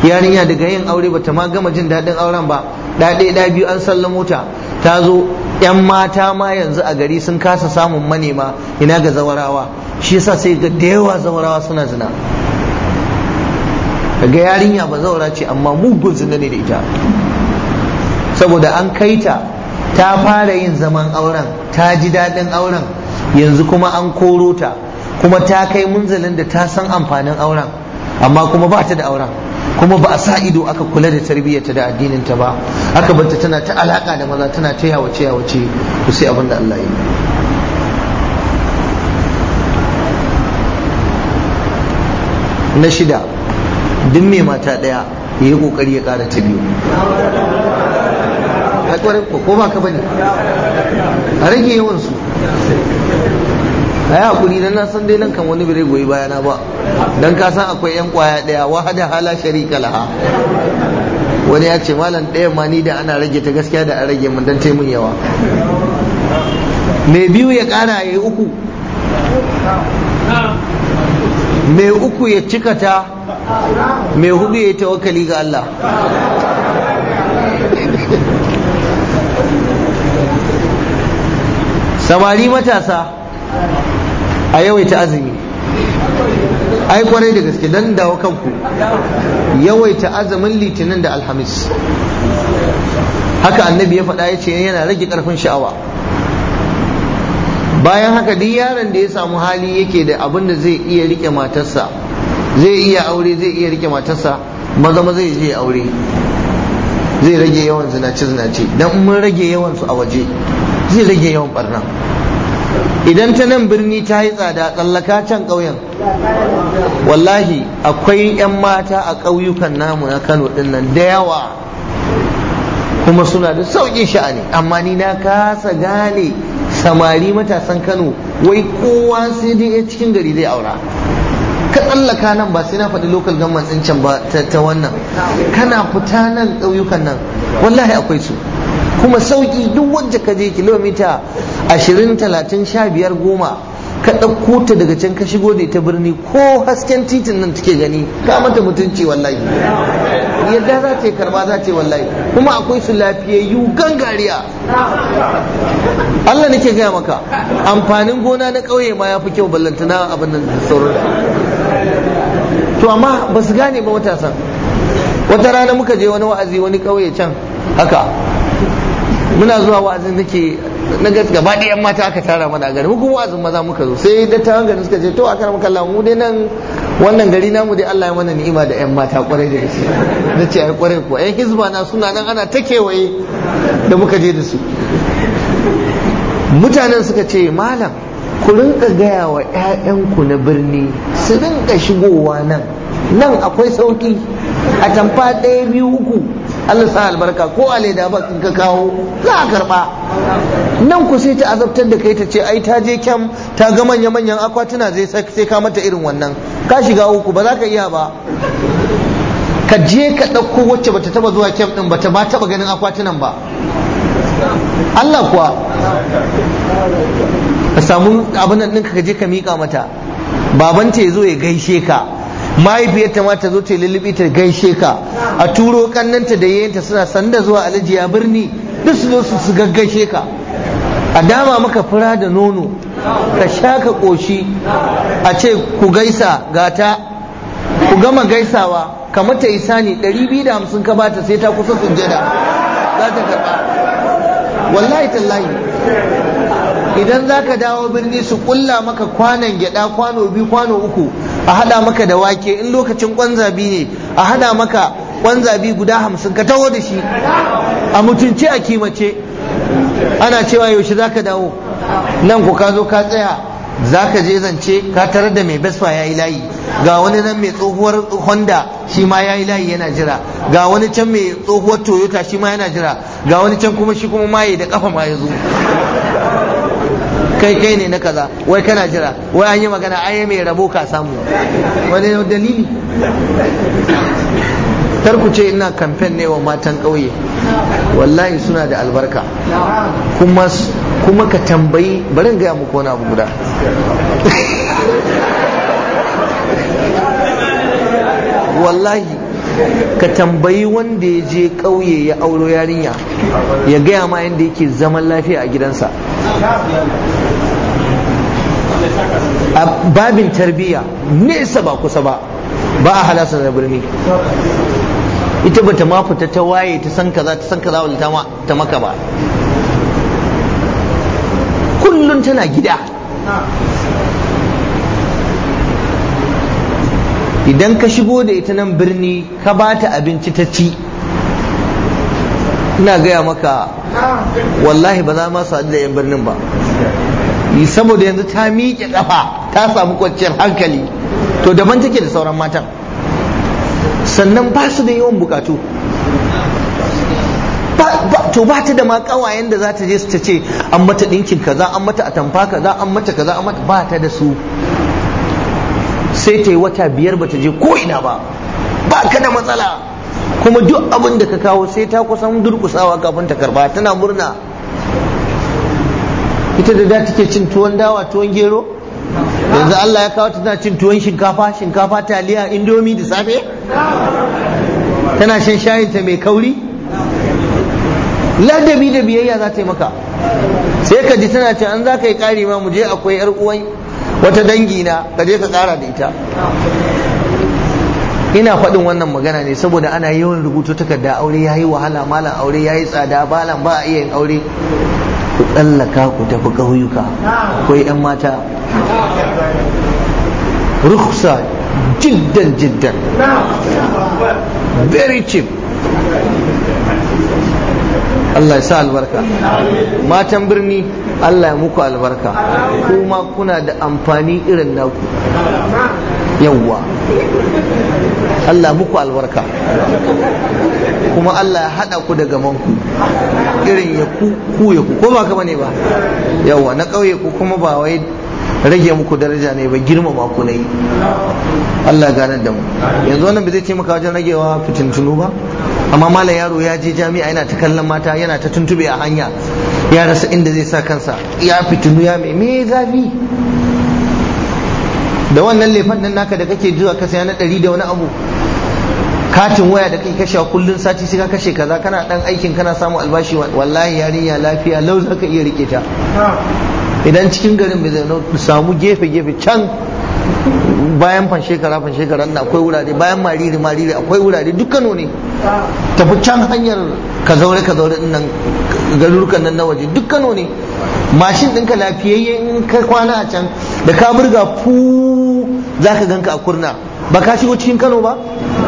yarinya daga yin aure bata ma gama jin daɗin auren ba ɗaɗe ɗa biyu an salla mota ta zo yan mata ma yanzu a gari sun kasa samun manema ina ga zawarawa shi yasa sai ga da yawa zawarawa suna zina ga yarinya ba zaura ce amma mugun zina ne da ita saboda an kai ta ta fara yin zaman auren ta ji daɗin auren yanzu kuma an koro ta kuma ta kai munzalin da ta san amfanin auren amma kuma ba ta da auren kuma ba a sa ido aka kula da tarbiyyarta da addinin ta ba aka banta tana ta alaka da maza tana ta yawace yawace ku sai abinda da Allah yi na shida duk mai mata ɗaya ya yi ƙoƙari ya kara ta biyu a ƙwarar ko ba ka bane a rage yawansu a yi haƙuri don na san dai nan kan wani bire goyi bayana ba don ka san akwai 'yan ƙwaya ɗaya wahada hala sharika laha wani ya ce malam ɗaya ma ni da ana rage ta gaskiya da an rage mun don taimun yawa mai biyu ya ƙara ya yi uku mai uku ya cika ta mai hudu ya yi tawakali ga Allah samari matasa a yawaita azumi ai kwarai da gaske don dawo kanku yawaita azumin litinin da alhamis haka annabi ya faɗa ya ce yana rage ƙarfin sha'awa bayan haka duk yaron da ya samu hali yake da abin da zai iya rike matarsa zai iya aure zai iya rike matarsa maza maza zai je aure zai rage yawan zinace zinace dan mun rage yawan su a waje zai rage yawan barna idan ta nan birni ta yi tsada tsallaka can ƙauyen wallahi akwai 'yan mata a ƙauyukan namu na kano ɗinnan da yawa kuma suna da sauƙin sha'ani amma ni na kasa gane samari matasan kano wai kowa sai dai cikin gari zai aura ka tsallaka nan ba sai na faɗi local government ɗin can ba ta wannan kana fita nan ƙauyukan nan wallahi akwai su kuma sauki duk wacce ka je kilomita talatin sha biyar goma ka ɗauko ta daga can ka shigo da ita birni ko hasken titin nan take gani ka mata mutunci wallahi yadda za ta yi karba za ta yi wallahi kuma akwai su lafiyayyu gangariya Allah nake gaya maka amfanin gona na ƙauye ma ya fi kyau ballantana abin nan sauransu to amma ba su gane ba san wata rana muka je wani wa'azi wani kauye can haka muna zuwa wa'azin nake na gaba ba 'yan mata aka tara mana a gari mu kuma wa'azin maza muka zo sai dattawan gari suka ce to a karamar kallon mu dai nan wannan gari namu dai Allah ya mana ni'ima da 'yan mata kwarai da gaske na ce ai kwarai ko ƴan hizba na suna nan ana ta kewaye da muka je da su mutanen suka ce malam ku rinka gaya wa 'ya'yanku na birni su rinka shigowa nan nan akwai sauki a tamfa ɗaya biyu uku Allah sa albarka ko a leda ba ka kawo za a karɓa nan ku sai ta azabtar da kai ta ce ai ta je kyam ta ga manya-manyan akwatuna zai sai ka mata irin wannan ka shiga uku ba za ka iya ba ka je ka ɗauko wacce bata taba zuwa kyam ɗin bata ba taba ganin akwatunan ba Allah kuwa ka samu abin nan ɗinka ka je ka miƙa mata babanta ya zo ya gaishe ka mahaifiyarta ma ta zo ta lullubi ta gaishe ka a turo kannanta da yayinta suna sanda zuwa alajiya ya birni duk su zo su gaggaishe ka a dama maka fura da nono ka sha ka ƙoshi a ce ku gaisa gata ku gama gaisawa ka mata isani 250 ka bata sai ta kusa sujjada za ta karɓa wallahi tallahi idan za ka dawo birni su kulla maka kwanan gyada kwano biyu kwano uku a hada maka da wake in lokacin kwanzabi ne a hada maka kwanzabi guda hamsin ka taho da shi a mutunce a kimace ana cewa yaushe za ka dawo nan ku ka zo ka tsaya za ka je zance ka tarar da mai besfa ya yi layi ga wani nan mai tsohuwar honda shi ma ya yi layi yana jira ga wani can mai tsohuwar toyota shi ma yana jira ga wani can kuma shi kuma maye da kafa ma ya zo kai kai ne na kaza wai kana jira wai an yi magana ai mai rabo ka samu wani dalili kar ce ina kamfen ne wa matan ƙauye wallahi suna da albarka kuma kuma ka tambayi bari gaya muku wani abu guda wallahi ka tambayi wanda ya je ƙauye ya auro yarinya ya gaya ma yadda yake zaman lafiya a gidansa a babin tarbiyya nesa ba kusa ba ba a halasa da birni ita bata ta ta waye ta san kaza ta san kaza ta maka ba kullum tana gida idan ka shigo da ita nan birni ka ba ta abinci ta ci ina gaya maka wallahi ba za ma su da 'yan birnin ba saboda yanzu ta miƙe ƙafa ta samu kwanciyar hankali to daban take da sauran matan sannan ba su da yawan bukatu to ba ta da ma kawayen da za ta je su ta ce an mata ɗinkin kaza an mata atamfa kaza an mata kaza an mata ba ta da su sai ta yi wata biyar ba ta je ko ina ba ba ka da matsala kuma duk abin da ka kawo sai ta kusan durkusawa kafin ta karba tana murna ita da da take cin tuwon dawa tuwon gero yanzu Allah ya kawo tana cin tuwon shinkafa shinkafa taliya indomi da safe tana shan shayinta mai kauri ladabi da biyayya za ta yi maka sai ka ji tana ce an za ka yi ƙari ma mu je akwai yar uwan wata dangi na ka je ka tsara da ita ina faɗin wannan magana ne saboda ana yawan rubutu takarda aure ya yi wahala malam aure ya yi tsada balan ba a iya yin aure ku tsallaka ku tafi ƙauyuka akwai 'yan mata rukhsa jiddan jiddan very cheap Allah ya sa albarka matan birni Allah ya muku albarka kuma kuna da amfani irin naku yawwa Allah muku albarka kuma Allah ya haɗa ku daga gamanku irin ya ku ya ku ko ba kama ne ba yawwa na ƙauye ku kuma ba wai rage muku daraja ne ba ba ku ne Allah gane da mu yanzu wannan ba zai taimaka wajen ragewa fitintunu ba amma malam yaro ya je jami'a yana ta kallon mata yana ta tuntube a hanya ya rasa inda zai sa kansa ya fitinu ya mai me zafi da wannan lefan nan naka da kake zuwa ka saya na ɗari da wani abu katin waya da kai kashe kullun sati sai ka kashe kaza kana dan aikin kana samu albashi wallahi yarinya lafiya lau za ka iya rike ta idan cikin garin bai zai samu gefe gefe can bayan fan shekara fan shekara na akwai wurare bayan mariri mariri akwai wurare Dukkan ne tafi can hanyar ka zaure ka zaure nan garurukan nan na waje Dukkan ne mashin ɗinka lafiyayye in ka kwana a can da ka burga fu za ka ganka a kurna ba ka shigo cikin kano ba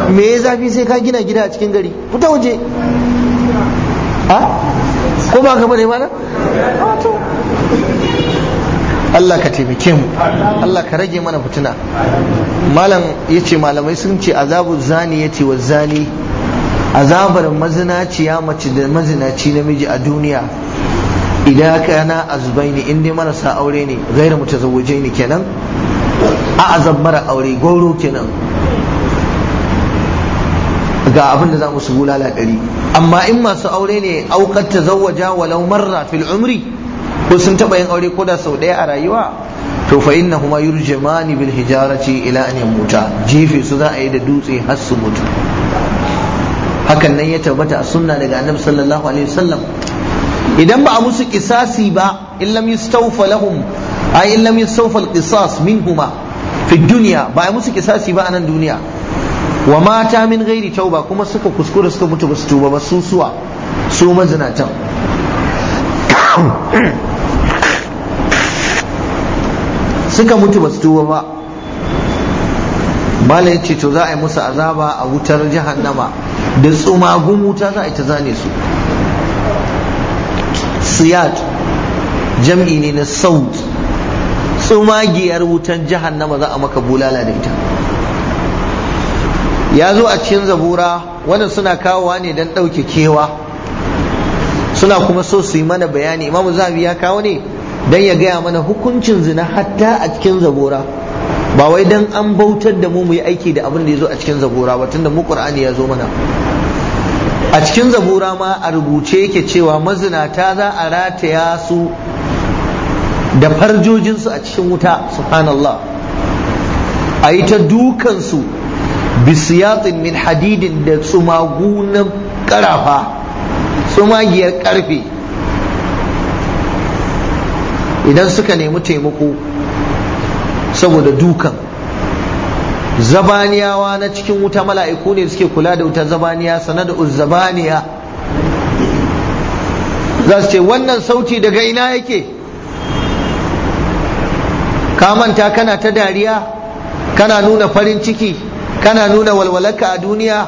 me ya zafi sai ka gina gida a cikin gari fita waje a ko ba ka bane mana Allah ka taimake mu Allah ka rage mana fitina malam yace malamai sun ce azabu zani ce wa zani azabar mazinaciya mace da mazinaci namiji a duniya idan kana azbaini in dai marasa aure ne gairu ne kenan a azab mara aure goro kenan ga abin da za mu su bulala ɗari amma in masu aure ne aukar ta zawaja walau marra fil umri ko sun yin aure ko da sau ɗaya a rayuwa to fa inna huma yurjamani bil hijarati ila an yamuta jefe su za a yi da dutse har su mutu hakan nan ya tabbata a sunna daga annabi sallallahu alaihi wasallam idan ba a musu kisasi ba in lam yustawfa lahum ay in yustawfa al qisas fi duniya ba a musu kisasi ba a nan duniya wa mata min gairi tauba kuma suka kuskura suka mutu ba su tuba ba su suwa su mazinatan suka mutu ba su tuba ba bala ya ce to za a yi musu azaba a wutar jahannama da tsumagun wuta za a yi ta zane su siyat jam'i ne na saut tsumagiyar wutan jahannama za a maka bulala da ita ya zo a cikin zabura wannan suna kawowa ne don ɗauke kewa suna kuma so su yi mana bayani imamu zahabi ya kawo ne don ya gaya mana hukuncin zina hatta a cikin zabura ba wai don an bautar da mu mu yi aiki da abin da ya zo a cikin zabura ba tunda mu qur'ani ya zo mana a cikin zabura ma a rubuce yake cewa mazinata za a rataya su da farjojinsu a cikin wuta subhanallah a yi ta dukansu bisiyatin min hadidin da tsumagu karafa tsumagiyar karfe idan suka nemi taimako saboda dukan zabaniyawa na cikin wuta mala'iku ne suke kula da wuta zabaniya sana da uzzabaniya za su ce wannan sauti daga ina yake ka manta kana ta dariya kana nuna farin ciki kana nuna walwalarka a duniya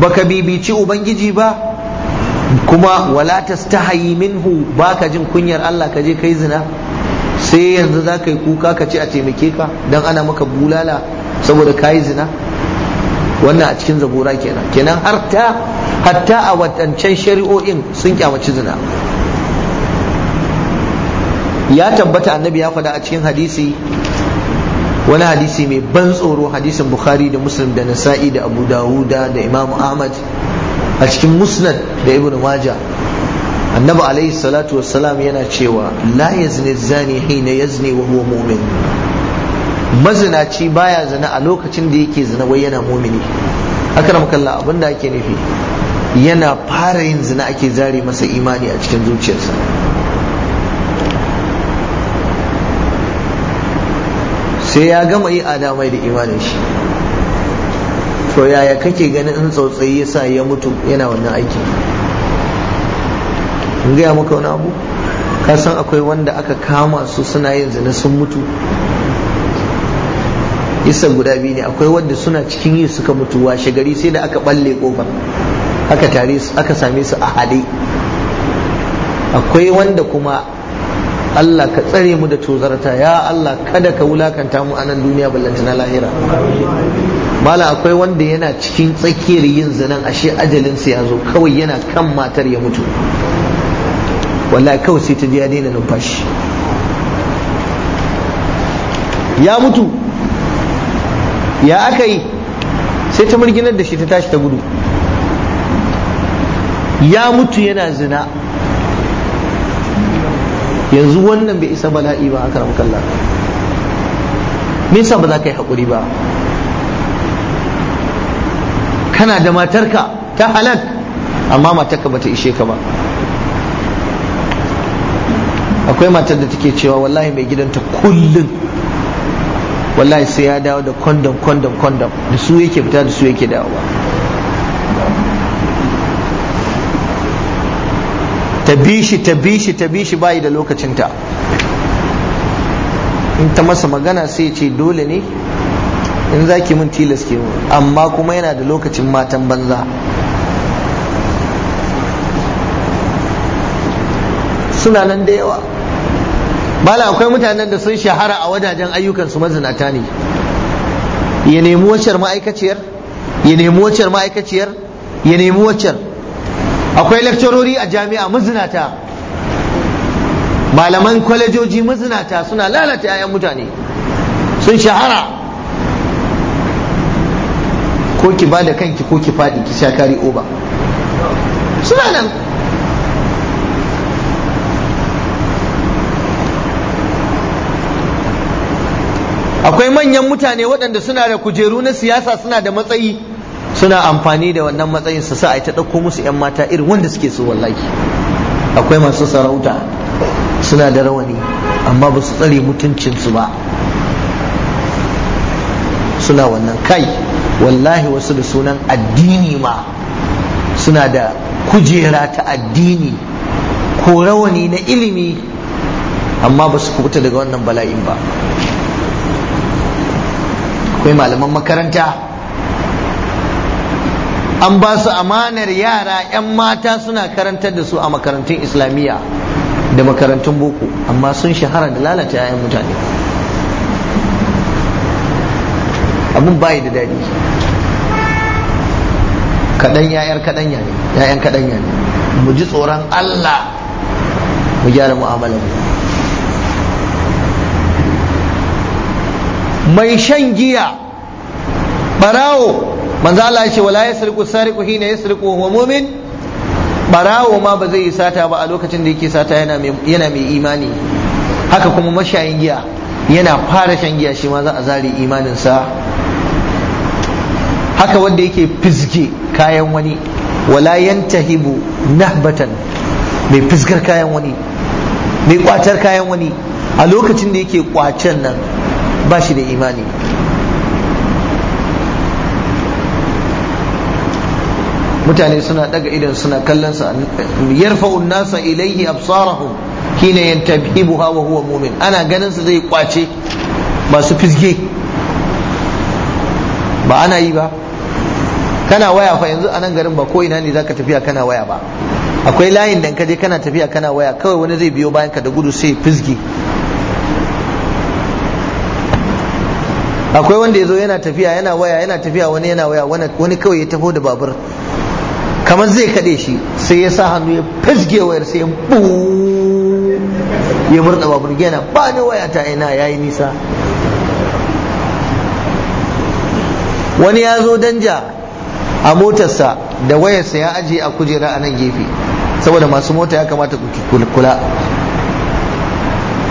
baka bibici ubangiji ba kuma wala tastahayi minhu baka jin kunyar Allah ka je kai zina sai yanzu za ka yi kuka ka ce a taimake ka don ana maka bulala saboda ka yi zina wannan a cikin zabura kenan kenan har ta hatta a wadancan shari'o'in sun kyamaci zina ya tabbata annabi ya faɗa a cikin hadisi wani hadisi mai ban tsoro hadisin bukhari da muslim da nasa'i da abu dawuda da imamu ahmad a cikin musnad da ibnu maja annabi alaihi salatu wassalam yana cewa la yazni zani hina yazni wa huwa mu'min mazinaci baya zina a lokacin da yake zina wai yana mumini akram kallah abinda ake nufi yana fara yin zina ake zare masa imani a cikin zuciyarsa sai ya gama yi adamai da imanin shi to yaya kake ganin in tsautsayi ya sa ya mutu yana wannan aiki in gaya maka wani abu ka san akwai wanda aka kama su suna yin zina sun mutu isa guda biyu ne akwai wanda suna cikin yi suka mutu washe gari sai da aka balle kofar aka tare su aka same su a hade akwai wanda kuma Allah ka tsare mu da tozarta ya Allah kada ka wulakanta mu a nan duniya ballanta na lahira mala akwai wanda yana cikin tsakiyar yin zinan ashe ajalin ya zo kawai yana kan matar ya mutu wallahi kawai sai ta ji ya daina numfashi ya mutu ya aka yi sai ta murginar da shi ta tashi ta gudu ya mutu yana zina yanzu wannan bai isa bala'i ba aka ramu kalla me ba za ka yi haƙuri ba kana da matarka ta halal amma matarka ta ishe ka ba akwai matar da take cewa wallahi mai gidanta kullum wallahi sai ya dawo da kondom kondom kondom da su yake fita da su yake dawowa ta bi shi ta bi shi ta bi shi bayi da lokacinta in ta masa magana sai ce dole ne in za ki min tilas ke amma kuma yana da lokacin matan banza suna nan da yawa bala akwai mutanen da sun shahara a ayyukan ayyukansu mazinata ne ya nemi wacar ma'aikaciyar ya nemi wacar ma'aikaciyar ya nemi wacar akwai lakcarori a jami'a mazinata malaman kwalejoji mazinata suna lalata 'ya'yan mutane sun shahara ko ki ba da kanki ko ki faɗi ki sha kari oba suna nan akwai manyan mutane waɗanda suna da kujeru na siyasa suna da matsayi suna amfani da wannan matsayin su sa a ta ɗauko musu 'yan mata irin wanda suke so wallahi akwai masu sarauta suna da rawani amma ba su tsare mutuncinsu ba suna wannan kai wallahi wasu da sunan addini ma suna da kujera ta addini ko rawani na ilimi amma ba su kubuta daga wannan bala'in ba akwai malaman makaranta an ba su amanar yara 'yan mata suna karantar da su a makarantun islamiyya da makarantun boko amma sun shahara da lalata 'ya'yan mutane abin bayi da daɗi kaɗan ya'yar kaɗanya ne ya'yan kaɗanya ne mu ji tsoron allah mu gyara mu'amalar mai shan giya ɓarawo manzo Allah ya ce wala yasriqu sariqu hina yasriqu wa mu'min barawo ma ba zai yi sata ba a lokacin da yake sata yana mai yana mai imani haka kuma mashayin giya yana fara shan giya shi ma za a zare imanin sa haka wanda yake fizge kayan wani wala yantahibu nahbatan mai fizgar kayan wani mai kwatar kayan wani a lokacin da yake kwacen nan ba shi da imani mutane suna daga idan suna kallon sa yarfa'u nasa ilayhi absarahum hina yantabihuha wa huwa mu'min ana ganin sa zai kwace masu fisge ba ana yi ba kana waya fa yanzu anan garin ba ko ina ne zaka tafiya kana waya ba akwai layin da kaje kana tafiya kana waya kawai wani zai biyo bayan ka da gudu sai fisge akwai wanda ya zo yana tafiya yana waya yana tafiya wani yana waya wani kawai ya tafi da babur kamar zai kaɗe shi sai ya sa hannu ya fisge wayar sai ya ya murɗa babur yana ba ni waya ta ina yayi nisa wani ya zo danja a motarsa da wayarsa ya aje a kujera a nan gefe saboda masu mota ya kamata ku kula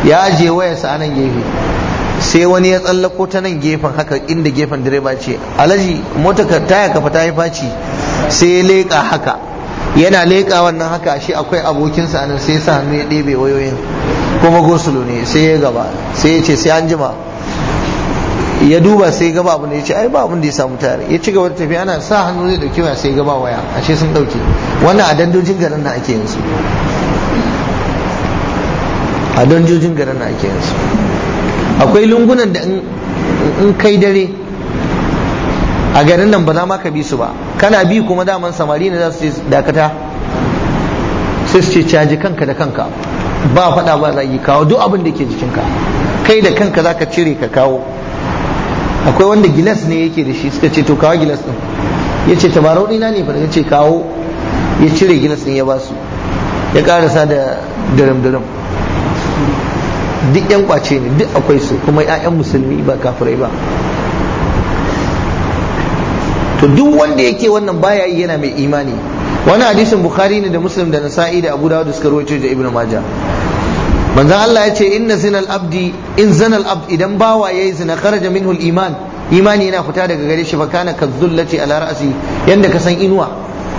ya aje wayarsa a nan gefe sai wani ya tsallako ta nan gefen haka inda gefen direba ce alaji mota ka taya ka fata ya faci sai ya leƙa haka yana leƙa wannan haka shi akwai abokinsa nan sai ya sa hannu ya ɗebe wayoyin kuma gosulo ne sai ya gaba sai ya ce sai an jima ya duba sai gaba abin da ya ce ai ba abin da ya samu tare ya ci gaba da tafiya ana sa hannu zai dauki waya sai gaba waya ashe sun dauke wannan a dandojin garin na ake yin su a dandojin garin na ake yin su akwai lungunan da in kai dare a garin nan ba za ma ka bi su ba kana bi kuma daman samari ne za su dakata sai su ce caji kanka da kanka ba faɗa ba za yi kawo duk abin da ke jikinka kai da kanka za ka cire ka kawo akwai wanda gilas ne yake da shi suka ce to kawo gilas ɗin ya ce tabarau ɗina ne ba ce kawo ya cire gilas ɗin ya ba su ya ƙarasa da dirim-dirim duk yan kwace ne duk akwai su kuma 'ya'yan musulmi ba kafirai ba to duk wanda yake wannan baya yi yana mai imani wani hadisin bukhari ne da muslim da nasa'i da abu dawud suka rawaito da ibnu majah manzon Allah ya ce inna zinal abdi in zinal abd idan bawa yayi zina kharaja minhu iman imani yana fita daga gare shi fa kana kazzullati ala ra'si yanda ka san inuwa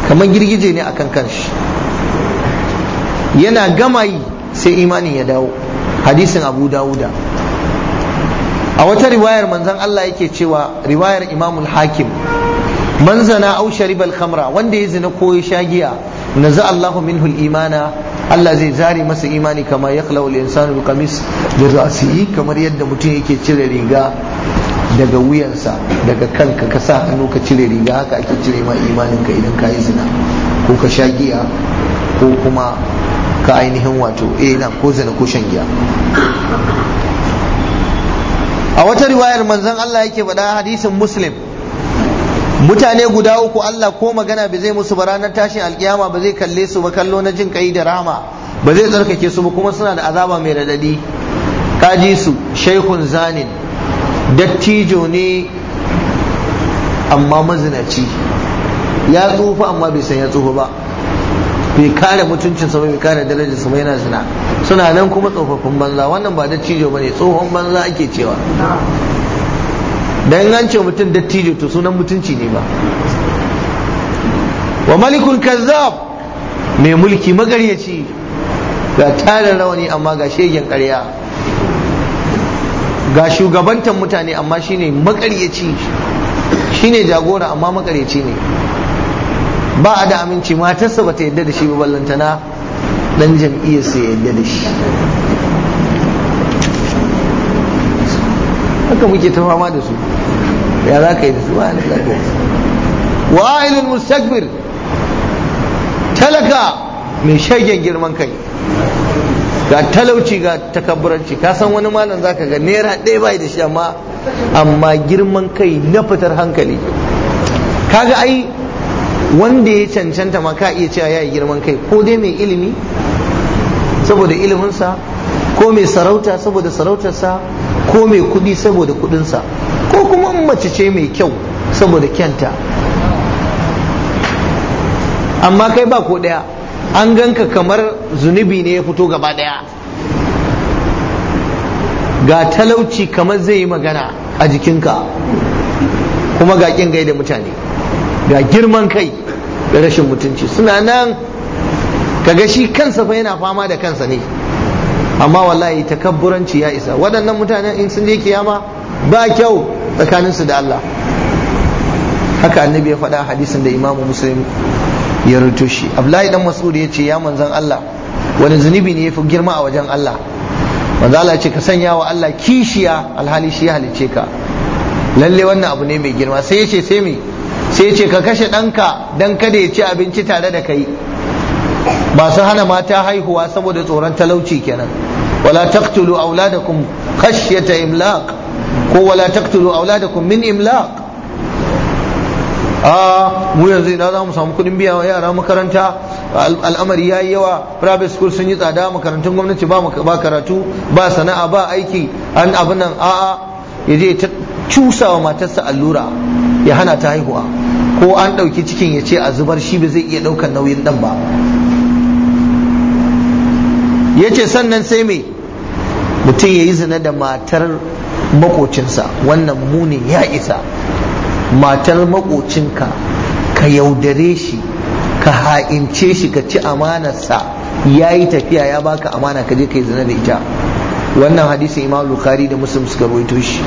kamar girgije ne akan kanshi yana gama yi sai imanin ya dawo hadisin abu dawuda a wata riwayar manzon Allah yake cewa riwayar imamul hakim manzana au sharibal khamra wanda ya zina ko ya shagiya naza Allahu minhu imana Allah zai zare masa imani kama yakhla al insanu da qamis bi ra'sihi kamar yadda mutum yake cire riga daga wuyansa daga kanka ka sa hannu ka cire riga haka ake cire ma imanin ka idan ka yi zina ko ka shagiya ko kuma ka ainihin wato ila eh, ko zina ko shan giya a wata riwayar manzon Allah yake faɗa hadisin muslim mutane guda uku Allah ko magana ba zai musu ba ranar tashin alkiyama ba zai kalle su ba kallo na jin kai da rahama ba zai tsarkake su ba kuma suna da azaba mai radadi kaji su shaykhun zanin dattijo ne amma mazinaci ya tsufa amma bai san ya tsufa ba bai kare mutuncin ba bai kare darajar ba yana zina suna nan kuma tsofaffin banza wannan ba dattijo ba ne tsohon banza ake cewa dan an ce mutum dattijo to sunan mutunci ne ba wa malikul kazzab mai mulki magaryaci ga tarin rawani amma ga shegen ƙarya ga shugabantan mutane amma shine makaryaci shine jagora amma makaryaci ne ba a da aminci matarsa ba ta yadda da shi ba ballantana dan jam'iyyar sa yadda da shi haka muke ta fama da su ya za ka yi da su ba wa ailul mustakbir talaka mai shagen girman kai ga talauci ga takabburanci ka san wani malam zaka ga naira ɗaya bai da shi amma amma girman kai na fitar hankali kaga ai wanda ya cancanta ma ka iya cewa yayi girman kai ko dai mai ilimi saboda iliminsa ko mai sarauta saboda sarautarsa ko mai kudi saboda kudinsa ko kuma mace ce mai kyau saboda kyanta amma kai ba ko daya an ganka kamar zunubi ne ya fito gaba daya ga talauci kamar zai yi magana a jikinka kuma ga kin gai da mutane ga girman kai da rashin mutunci suna nan kaga shi kansa fa yana fama da kansa ne amma wallahi takabburanci ya isa waɗannan mutanen in sun je kiyama ba kyau tsakaninsu da Allah haka annabi ya faɗa hadisin da imamu muslim ya rubuto shi abdullahi dan mas'ud ya ce ya manzon Allah wani zunubi ne yafi girma a wajen Allah manzo Allah ce ka sanya wa Allah kishiya alhali shi ya halice ka lalle wannan abu ne mai girma sai ya ce sai me sai ce ka kashe ɗanka don kada ya ci abinci tare da kai masu hana mata haihuwa saboda tsoron talauci kenan wala taqtulu auladakum khashyata imlaq ko wala taqtulu auladakum min imlaq a mu yanzu idan za mu samu kuɗin biya wa yara makaranta al'amari ya yi yawa private school sun yi tsada makarantun gwamnati ba karatu ba sana'a ba aiki an abinan a'a ya je ta wa matarsa allura ya hana ta haihuwa ko an ɗauki cikin ya ce a zubar shi ba zai iya ɗaukar nauyin ɗan ba ya ce sannan sai me mutum ya yi zina da matar makocinsa wannan muni ya isa matar makocinka ka yaudare shi ka ha'ince shi ka ci amanarsa ya yi tafiya ya baka amana ka je ka yi zina da ita wannan hadisin imam bukhari da muslim suka rawaito shi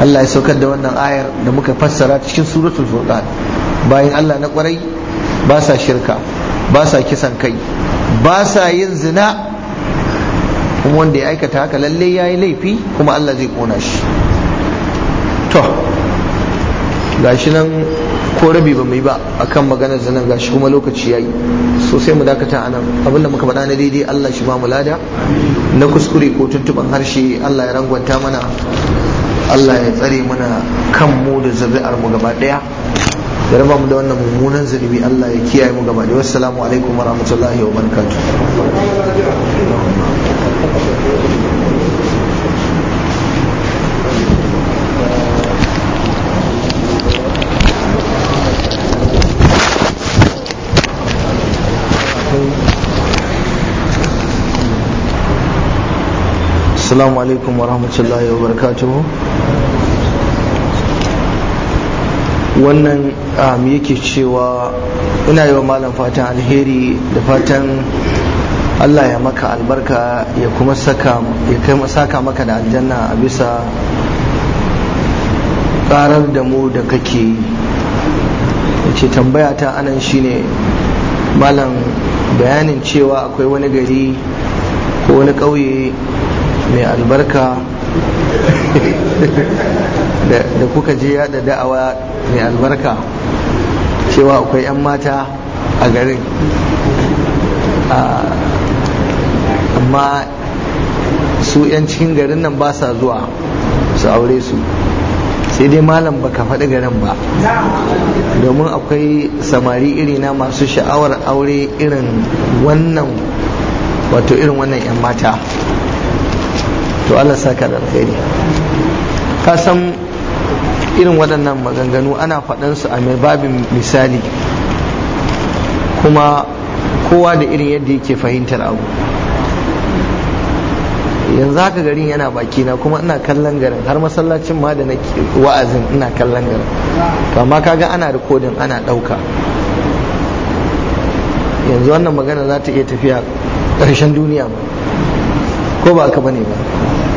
Allah ya saukar da wannan ayar da muka fassara cikin suratul furqan bayan Allah na kwarai ba sa shirka ba sa kisan kai ba sa yin zina kuma wanda ya aikata haka lalle ya yi laifi kuma Allah zai kona shi to gashi nan ko rabi ba mai yi ba akan maganar zanen gashi kuma lokaci yayi so sai mu dakata anan, nan abinda muka faɗa na daidai Allah shi ba mu lada na kuskure ko tuntuban harshe Allah ya rangwanta mana Allah ya tsare muna kan mu da zuri'ar mu gaba daya ya raba mu da wannan mummunan zunubi Allah ya kiyaye mu gaba daya wassalamu alaikum warahmatullahi wabarakatuh السلام عليكم ورحمة الله وبركاته wannan ah, yake cewa ina yi wa malam fatan alheri da fatan allah ya maka albarka ya kuma saka maka da aljanna a bisa karar da mu da kake yi ce tambaya ta anan shine malam bayanin cewa akwai wani gari ko wani ƙauye mai albarka da kuka je yada da'awa mai albarka cewa akwai 'yan mata a garin amma su 'yan cikin garin nan ba sa zuwa su aure su sai dai malam ba ka faɗi garin ba domin akwai samari iri na masu sha'awar aure irin wannan wato irin wannan 'yan mata to Allah ka da alkhairi ka san irin waɗannan maganganu ana faɗan su a mai babin misali kuma kowa da irin yadda yake fahimtar abu yanzu haka garin yana bakina kuma ina kallon garin har masallacin ma da na wa'azin ina kallon garin amma kaga ana rikodin ana ɗauka yanzu wannan magana za ta iya tafiya ƙarshen duniya ba. ko ba aka bane ba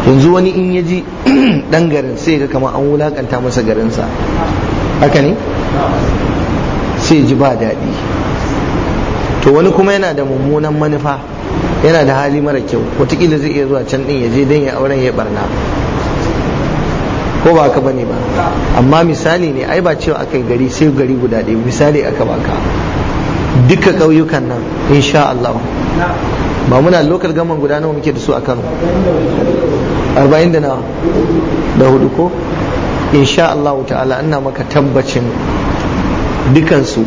yanzu wani in ya ji dan garin sai ga kamar an wulakanta masa garinsa haka ne sai ji ba daɗi to wani kuma yana da mummunan manufa yana da hali mara kyau watakila zai iya zuwa can ɗin ya je don ya auren ya barna ko ba aka bane ba amma misali ne ai ba cewa aka yi gari sai gari guda ɗaya misali aka baka duka ƙauyukan nan insha Allah ba muna local gama guda nawa muke da su a Kano 40 da da hudu ko insha Allah ta'ala ina maka tabbacin dukansu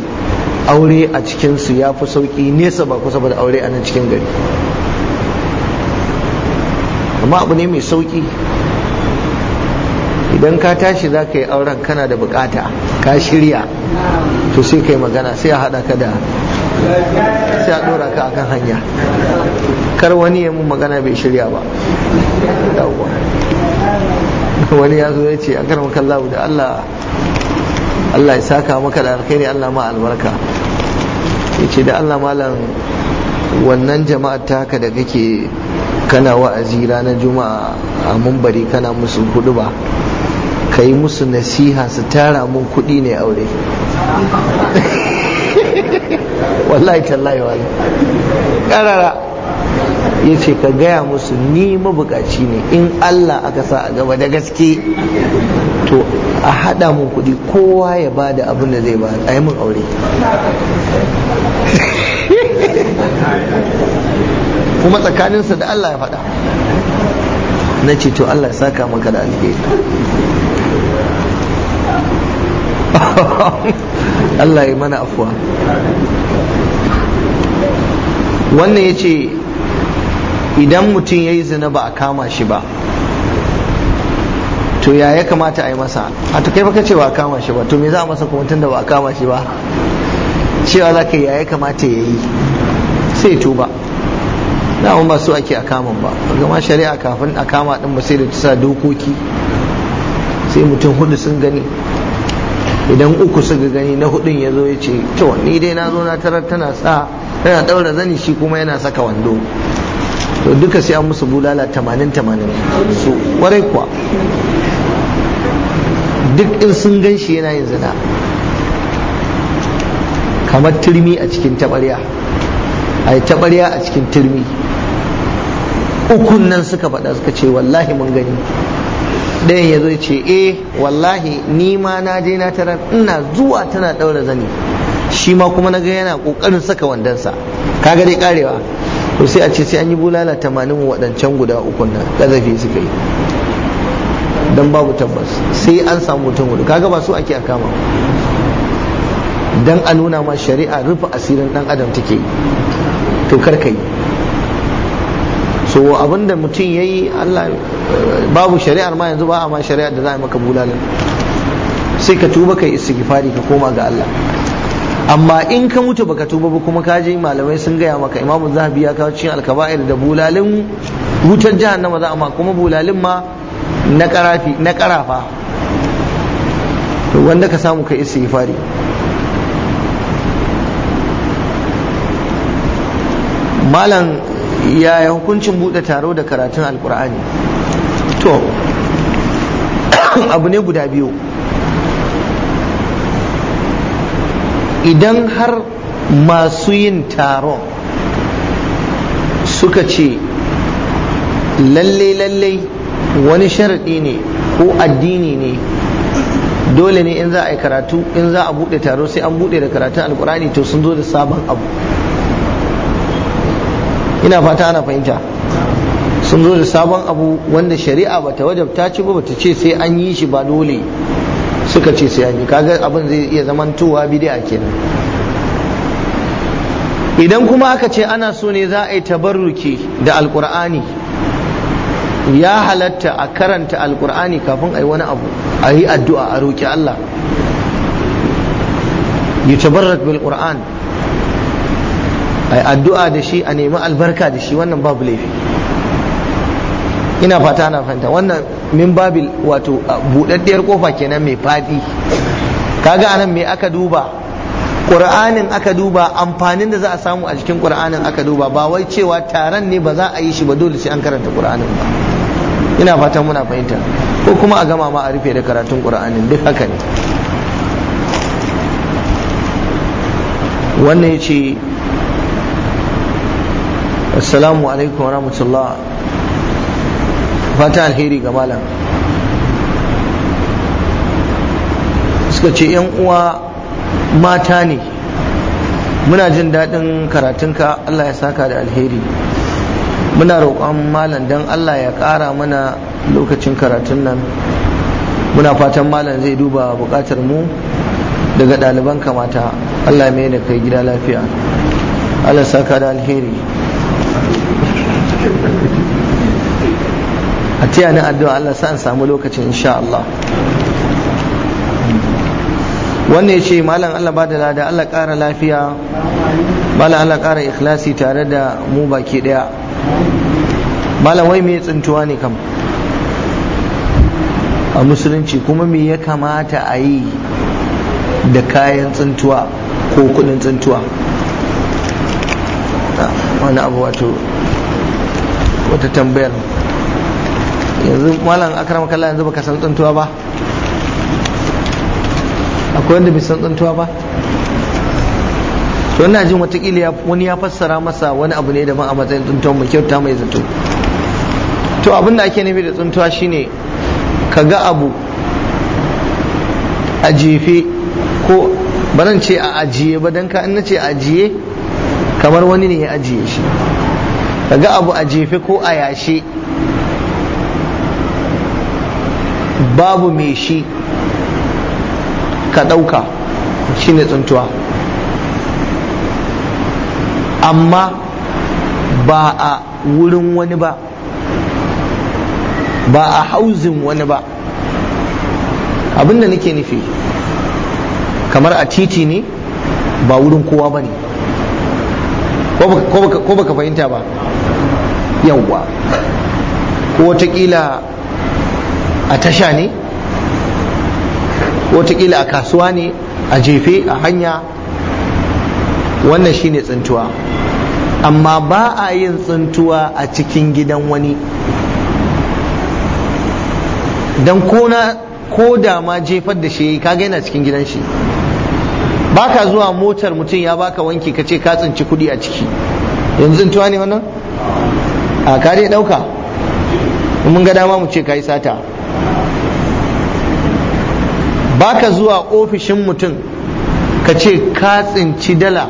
aure a cikinsu ya fi sauki nesa ba kusa ba da aure a nan cikin gari amma abu ne mai sauki idan ka tashi za ka yi auren kana da bukata ka shirya to sai ka yi magana sai a haɗa ka da sai a ɗora ka akan hanya kar wani ya mun magana bai shirya ba wani ya zo ya ce a karma kallahu da Allah Allah ya saka maka da alkhairi Allah ma albarka ya ce da Allah malam wannan jama'a ta haka da kake kana wa'azi ranar juma'a a mumbari kana musu hudu ba ka yi musu nasiha su tara mun kuɗi ne aure wallahi tallahi wani ƙarara ya ce ka gaya musu ni mabukaci ne in Allah aka sa a gaba da gaske to a haɗa mun kuɗi kowa ya ba da abin da zai ba a yi mun aure kuma tsakaninsa da Allah ya faɗa na ce to Allah ya saka maka da alheri Allah ya mana afuwa wannan ya ce idan mutum ya yi zina ba a kama shi ba to ya ya kamata a yi masa a to kai baka ce ba a kama shi ba to me za a masa kuma tun da ba a kama shi ba cewa za ka ya ya kamata ya yi sai tuba na ba su ake a kama ba gama shari'a kafin a kama din ba sai da ta dokoki sai mutum hudu sun gani idan uku suka gani na hudun ya zo ya ce to ni dai na zo na tarar tana sa tana daura zani shi kuma yana saka wando to duka sai an musu bulala tamanin tamanin su kwarai kuwa duk in sun gan shi yana yin zina kamar turmi a cikin tabarya a yi tabarya a cikin turmi ukun nan suka faɗa suka ce wallahi mun gani ɗayan ya zo ce eh wallahi ni ma na je na tarar ina zuwa tana ɗaura zani shi ma kuma na ga yana ƙoƙarin saka wandansa kaga dai karewa to sai a ce sai an yi bulala tamanin waɗancan guda ukun nan ƙazafi suka yi don babu tabbas sai an samu mutum hudu kaga ba su ake a kama don a nuna ma shari'a rufe asirin ɗan adam take yi to ka yi so abinda mutum ya yi allah babu shari'ar ma yanzu ba a ma shari'ar da za a maka bulalin sai ka tuba kai istighfari ka koma ga allah amma in ka mutu baka tuba ba kuma ka kaje malamai sun gaya maka imamu zahabi ya kawo cikin alkaba'ir da bulalin wutar na za amma kuma bulalin ma na karafa wanda ka samu ka fari. malam yaya hukuncin bude taro da karatun alkur'ani to abu ne guda biyu idan har masu yin taron suka ce lalle lalle wani sharaɗi ne ko addini ne dole ne in za a yi karatu in za a buɗe taro sai an buɗe da karatun alkurani to sun zo da sabon abu ina fata ana fahimta sun zo da sabon abu wanda shari'a bata wajabta ci ba bata ce sai an yi shi ba dole suka ce sai an yi kaga abin zai iya zamantowa bid'a kenan idan kuma aka ce ana so ne za a yi tabarruki da alkur'ani ya halatta a karanta alkur'ani kafin a yi wani abu a yi addu'a a roƙi Allah yutabarrak bil qur'an ai addu'a da shi a nemi albarka da shi wannan babu laifi ina fata na fahimta wannan min babil wato budaddiyar kofa kenan mai fadi kaga anan me aka duba qur'anin aka duba amfanin da za a samu a cikin qur'anin aka duba ba wai cewa taron ne ba za a yi shi ba dole sai an karanta qur'anin ba ina fatan muna fahimta ko kuma a gama ma a rufe da karatun qur'anin duk haka ne wannan ya ce assalamu alaikum wa rahmatullah fata alheri ga malam suka ce yan uwa mata ne muna jin daɗin karatunka Allah ya saka da alheri muna roƙon malam don Allah ya ƙara mana lokacin karatun nan muna fatan malam zai duba buƙatar mu daga ɗaliban kamata Allah mai da kai gida lafiya Allah saka da alheri a taya ni addu'a Allah sa an samu lokacin insha Allah wanda ya ce malam Allah ba da lada Allah ƙara lafiya malam Allah ƙara ikhlasi tare da mu baki ɗaya malam wai me tsintuwa ne kam a musulunci kuma me ya kamata a yi da kayan tsintuwa ko kudin tsintuwa ah, wani abu wato wata tambayar yanzu malam akram kallah yanzu baka san tsantuwa ba akwai wanda bai san tsantuwa ba to ina jin watakila wani ya fassara masa wani abu ne daban a matsayin tsuntuwa mai kyauta mai zato to abin da ake nufi da tsuntuwa shine ka ga abu a jefe ko baran ce a ajiye ba don ka in nace ajiye kamar wani ne ya ajiye shi ka ga abu a jefe ko a yashe babu mai shi ka ɗauka shi ne tsuntuwa amma ba a wurin wani ba ba a hauzin wani ba abinda nake nufi kamar a titi ne ba wurin kowa ba ne ko baka fahimta ba yawwa ko watakila a tasha ne Wataƙila a kasuwa ne a jefe a hanya wannan shine tsintuwa amma ba a yin tsintuwa a cikin gidan wani don ko da ma jefar da shi kaga yana cikin gidan shi ba ka zuwa motar mutum ya baka wanke ka ce ka tsinci kuɗi a ciki yanzu tsintuwa ne wannan a kare ɗauka mun ga dama mu ce ka yi sata baka zuwa ofishin mutum ka ce ka tsinci dala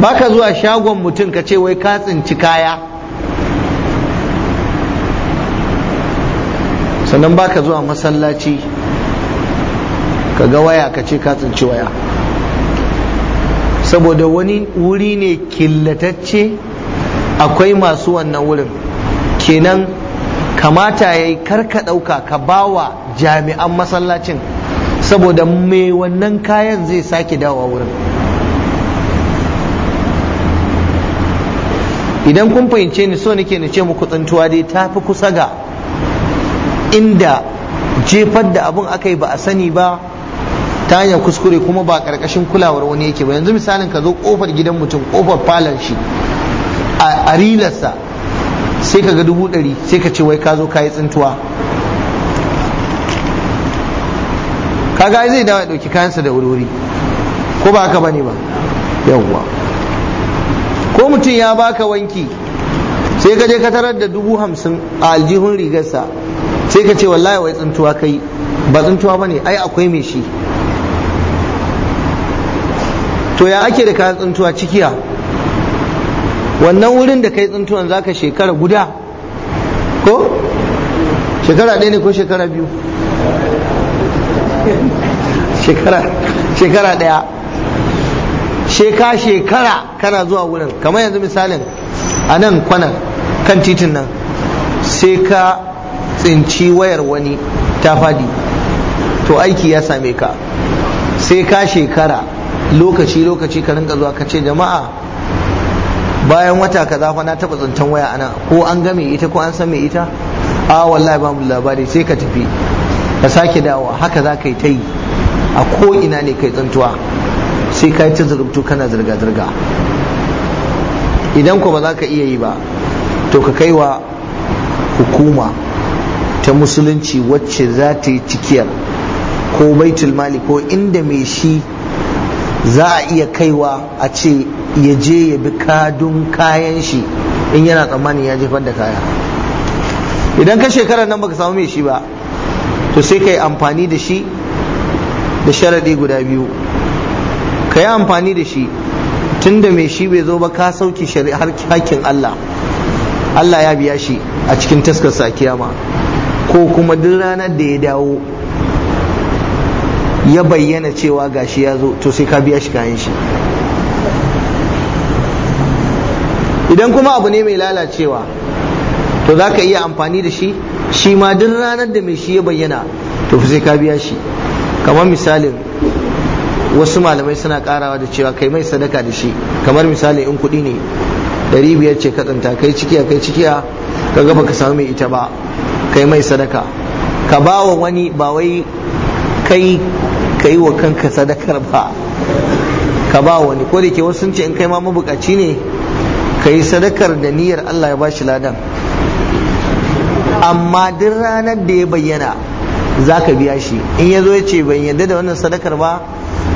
baka zuwa shagon mutum ka ce wai ka tsinci kaya sannan baka zuwa masallaci ka ga waya ka ce ka tsinci waya saboda wani wuri ne killatacce akwai masu wannan wurin kenan kamata ya yi karka ɗauka ka bawa jami'an masallacin saboda mai wannan kayan zai sake dawa wurin idan kun fahimce ni so nake na ce muku tsantuwa dai ta fi kusa ga inda jefar da abun aka yi ba a sani ba ta hanyar kuskure kuma ba ƙarƙashin kulawar wani yake ba yanzu misalin ka zo ƙofar gidan mutum ƙofar falon shi a rilarsa sai ka ga dubu ɗari sai ka ce wai ka zo ka yi tsintuwa kaga ai zai dawo ya ɗauki kayansa da wuri ko ba haka bane ba yawwa ko mutum ya baka wanki sai ka je ka tarar da dubu hamsin a aljihun rigarsa sai ka ce wallahi wai tsintuwa kai ba tsintuwa bane ai akwai mai shi to ya ake da kayan tsintuwa cikiya wannan wurin da kai tsintuwan zaka shekara guda ko shekara ɗaya ne ko shekara biyu shekara ɗaya sheka shekara kana zuwa wurin kamar yanzu misalin a nan kwanan kan titin nan sai ka tsinci wayar wani ta fadi to aiki ya same ka sai ka shekara lokaci lokaci ka rinka zuwa ka ce jama'a bayan wata ka fa na taba zancen waya ana ko an game ita ko an san me ita a wallahi ba mu labari sai ka tafi ka sake dawo haka za ka yi ta yi a ko ina ne kai tsantuwa sai ka yi ta zurubtu kana zirga zirga idan ko ba za ka iya yi ba to ka kai wa hukuma ta musulunci wacce za ta yi cikiyar ko baitul mali ko inda mai shi za a iya kaiwa a ce ya je ya bi kadun kayan shi in yana tsammanin ya jefar da kaya idan ka shekarar nan baka samu mai shi ba to sai ka yi amfani da shi da sharaɗi guda biyu ka yi amfani da shi tun da mai shi bai zo ba ka sauki har hakin Allah Allah ya biya shi a cikin taskar sa kiyama ko kuma duk ranar da ya dawo ya bayyana cewa gashi ya zo to sai ka biya shi kayan shi idan kuma abu ne mai lalacewa to za ka iya amfani da shi shi ma duk ranar da mai shi ya bayyana to sai ka biya shi kamar misalin wasu malamai suna karawa da cewa kai mai sadaka da shi kamar misalin in kuɗi ne ɗari biyar ce ka tsinta kai cikiya kai cikiya ka ga ka sami mai ita ba kai mai sadaka ka ba wa wani bawai kai ka yi wa kanka sadakar ba ka ba wani ko da ke wasu sun ce in kai ma mabukaci ne ka yi sadakar da niyyar Allah ya bashi ladan amma duk ranar da ya bayyana za ka biya shi in ya zo ya ce ban yadda da wannan sadakar ba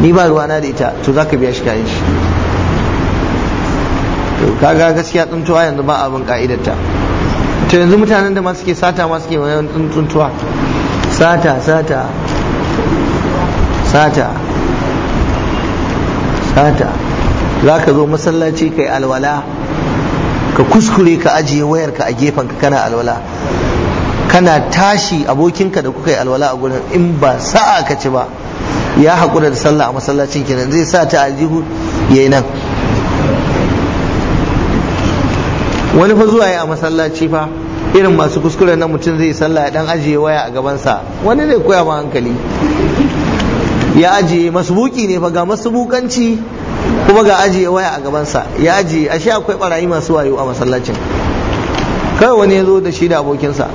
ni ba ruwana da ita to za ka biya shi kayan shi to kaga gaskiya tsuntuwa yanzu ba abin ka'idarta to yanzu mutanen da ma suke sata ma suke wani tsuntuwa sata sata sata sata za ka zo masallaci kai alwala ka kuskure ka ajiye wayarka a gefen ka kana alwala kana tashi abokinka da kuka yi alwala a gurin in ba sa'a ka ci ba ya haƙura da sallah a masallacin kenan zai sa ta aljihu ya yi nan wani fa zuwa ya a masallaci fa irin masu kuskure na mutum zai sallah ya dan ajiye waya a gabansa wani zai koya ma hankali ya ajiye masubuki ne fa ga masubukanci kuma ga ajiye waya a gabansa ya ajiye ashe akwai barayi masu wayo a masallacin kai wani ya zo da shi da abokinsa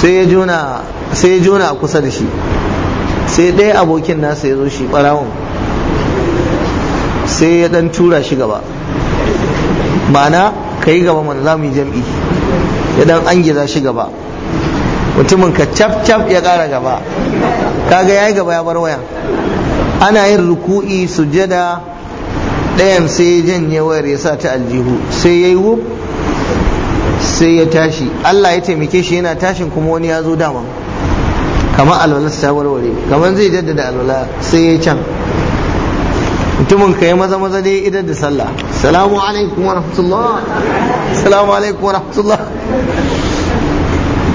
sai ya jona sai ya jona a kusa da shi sai ɗaya abokin nasa ya zo shi barawon sai ya dan tura shi gaba ma'ana kai gaba mana za mu yi jam'i ya dan an shi gaba mutumin ka cap cap ya kara gaba kaga yi gaba ya bar waya ana yin ruku'i sujada ɗayan sai ya janye wayar ya sa ta aljihu sai ya yi wuf sai ya tashi Allah ya taimake shi yana tashin kuma wani ya zo dama kamar alwala ta warware kamar zai jaddada alwala sai ya can mutumin ka ya maza maza dai idar da sallah salamu alaikum wa rahmatullah salamu alaikum wa rahmatullah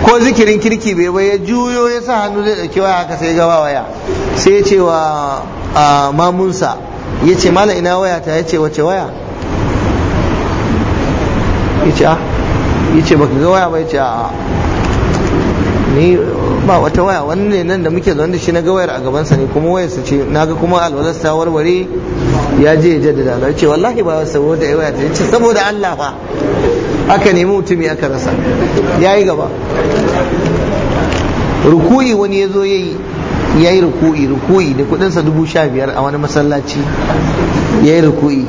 ko zikirin kirki bai bai ya juyo ya sa hannu zai dauki waya haka sai gaba waya sai ya ce wa mamunsa ya ce mala ina waya ta ya ce wace waya ya ce ah. ya ce baka ga waya ba ya ce a ni ba wata waya wani ne nan da muke zaune da shi na gawayar a gabansa ne kuma wayar su ce na ga kuma alwalas ta warware ya je ya jaddada ya ce wallahi ba saboda ya waya ta ya ce saboda Allah ba. aka nemi mutumi aka rasa ya yi gaba ruku'i wani ya zo ya yi ya ruku'i ruku'i da kudinsa dubu sha a wani masallaci ya yi ruku'i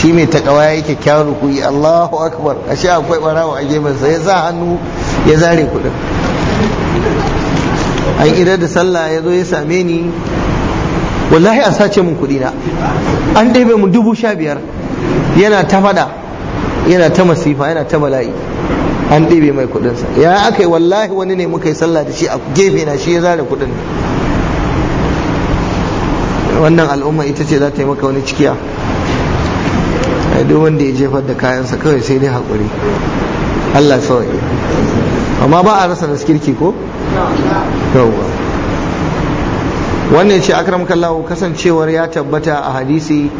shi mai takawa ya yi kyakkyawan ruku'i allahu akbar a sha akwai barawa a sa? ya za hannu ya zare kudin an idar da sallah ya zo ya same ni wallahi a sace mun kuɗi na an ɗebe mu dubu sha yana ta fada yana ta masifa yana ta bala'i an ɗebe mai kuɗinsa ya aka yi wallahi wani ne muka yi sallah da shi a gefe na shi ya zare kuɗin wannan al'umma ita ce za ta yi maka wani cikiya duk wanda ya jefar da kayansa kawai sai dai haƙuri Allah sawai amma ba a rasa naskirki ko? yawwa wannan ce akram kallahu kasancewar ya tabbata a hadisi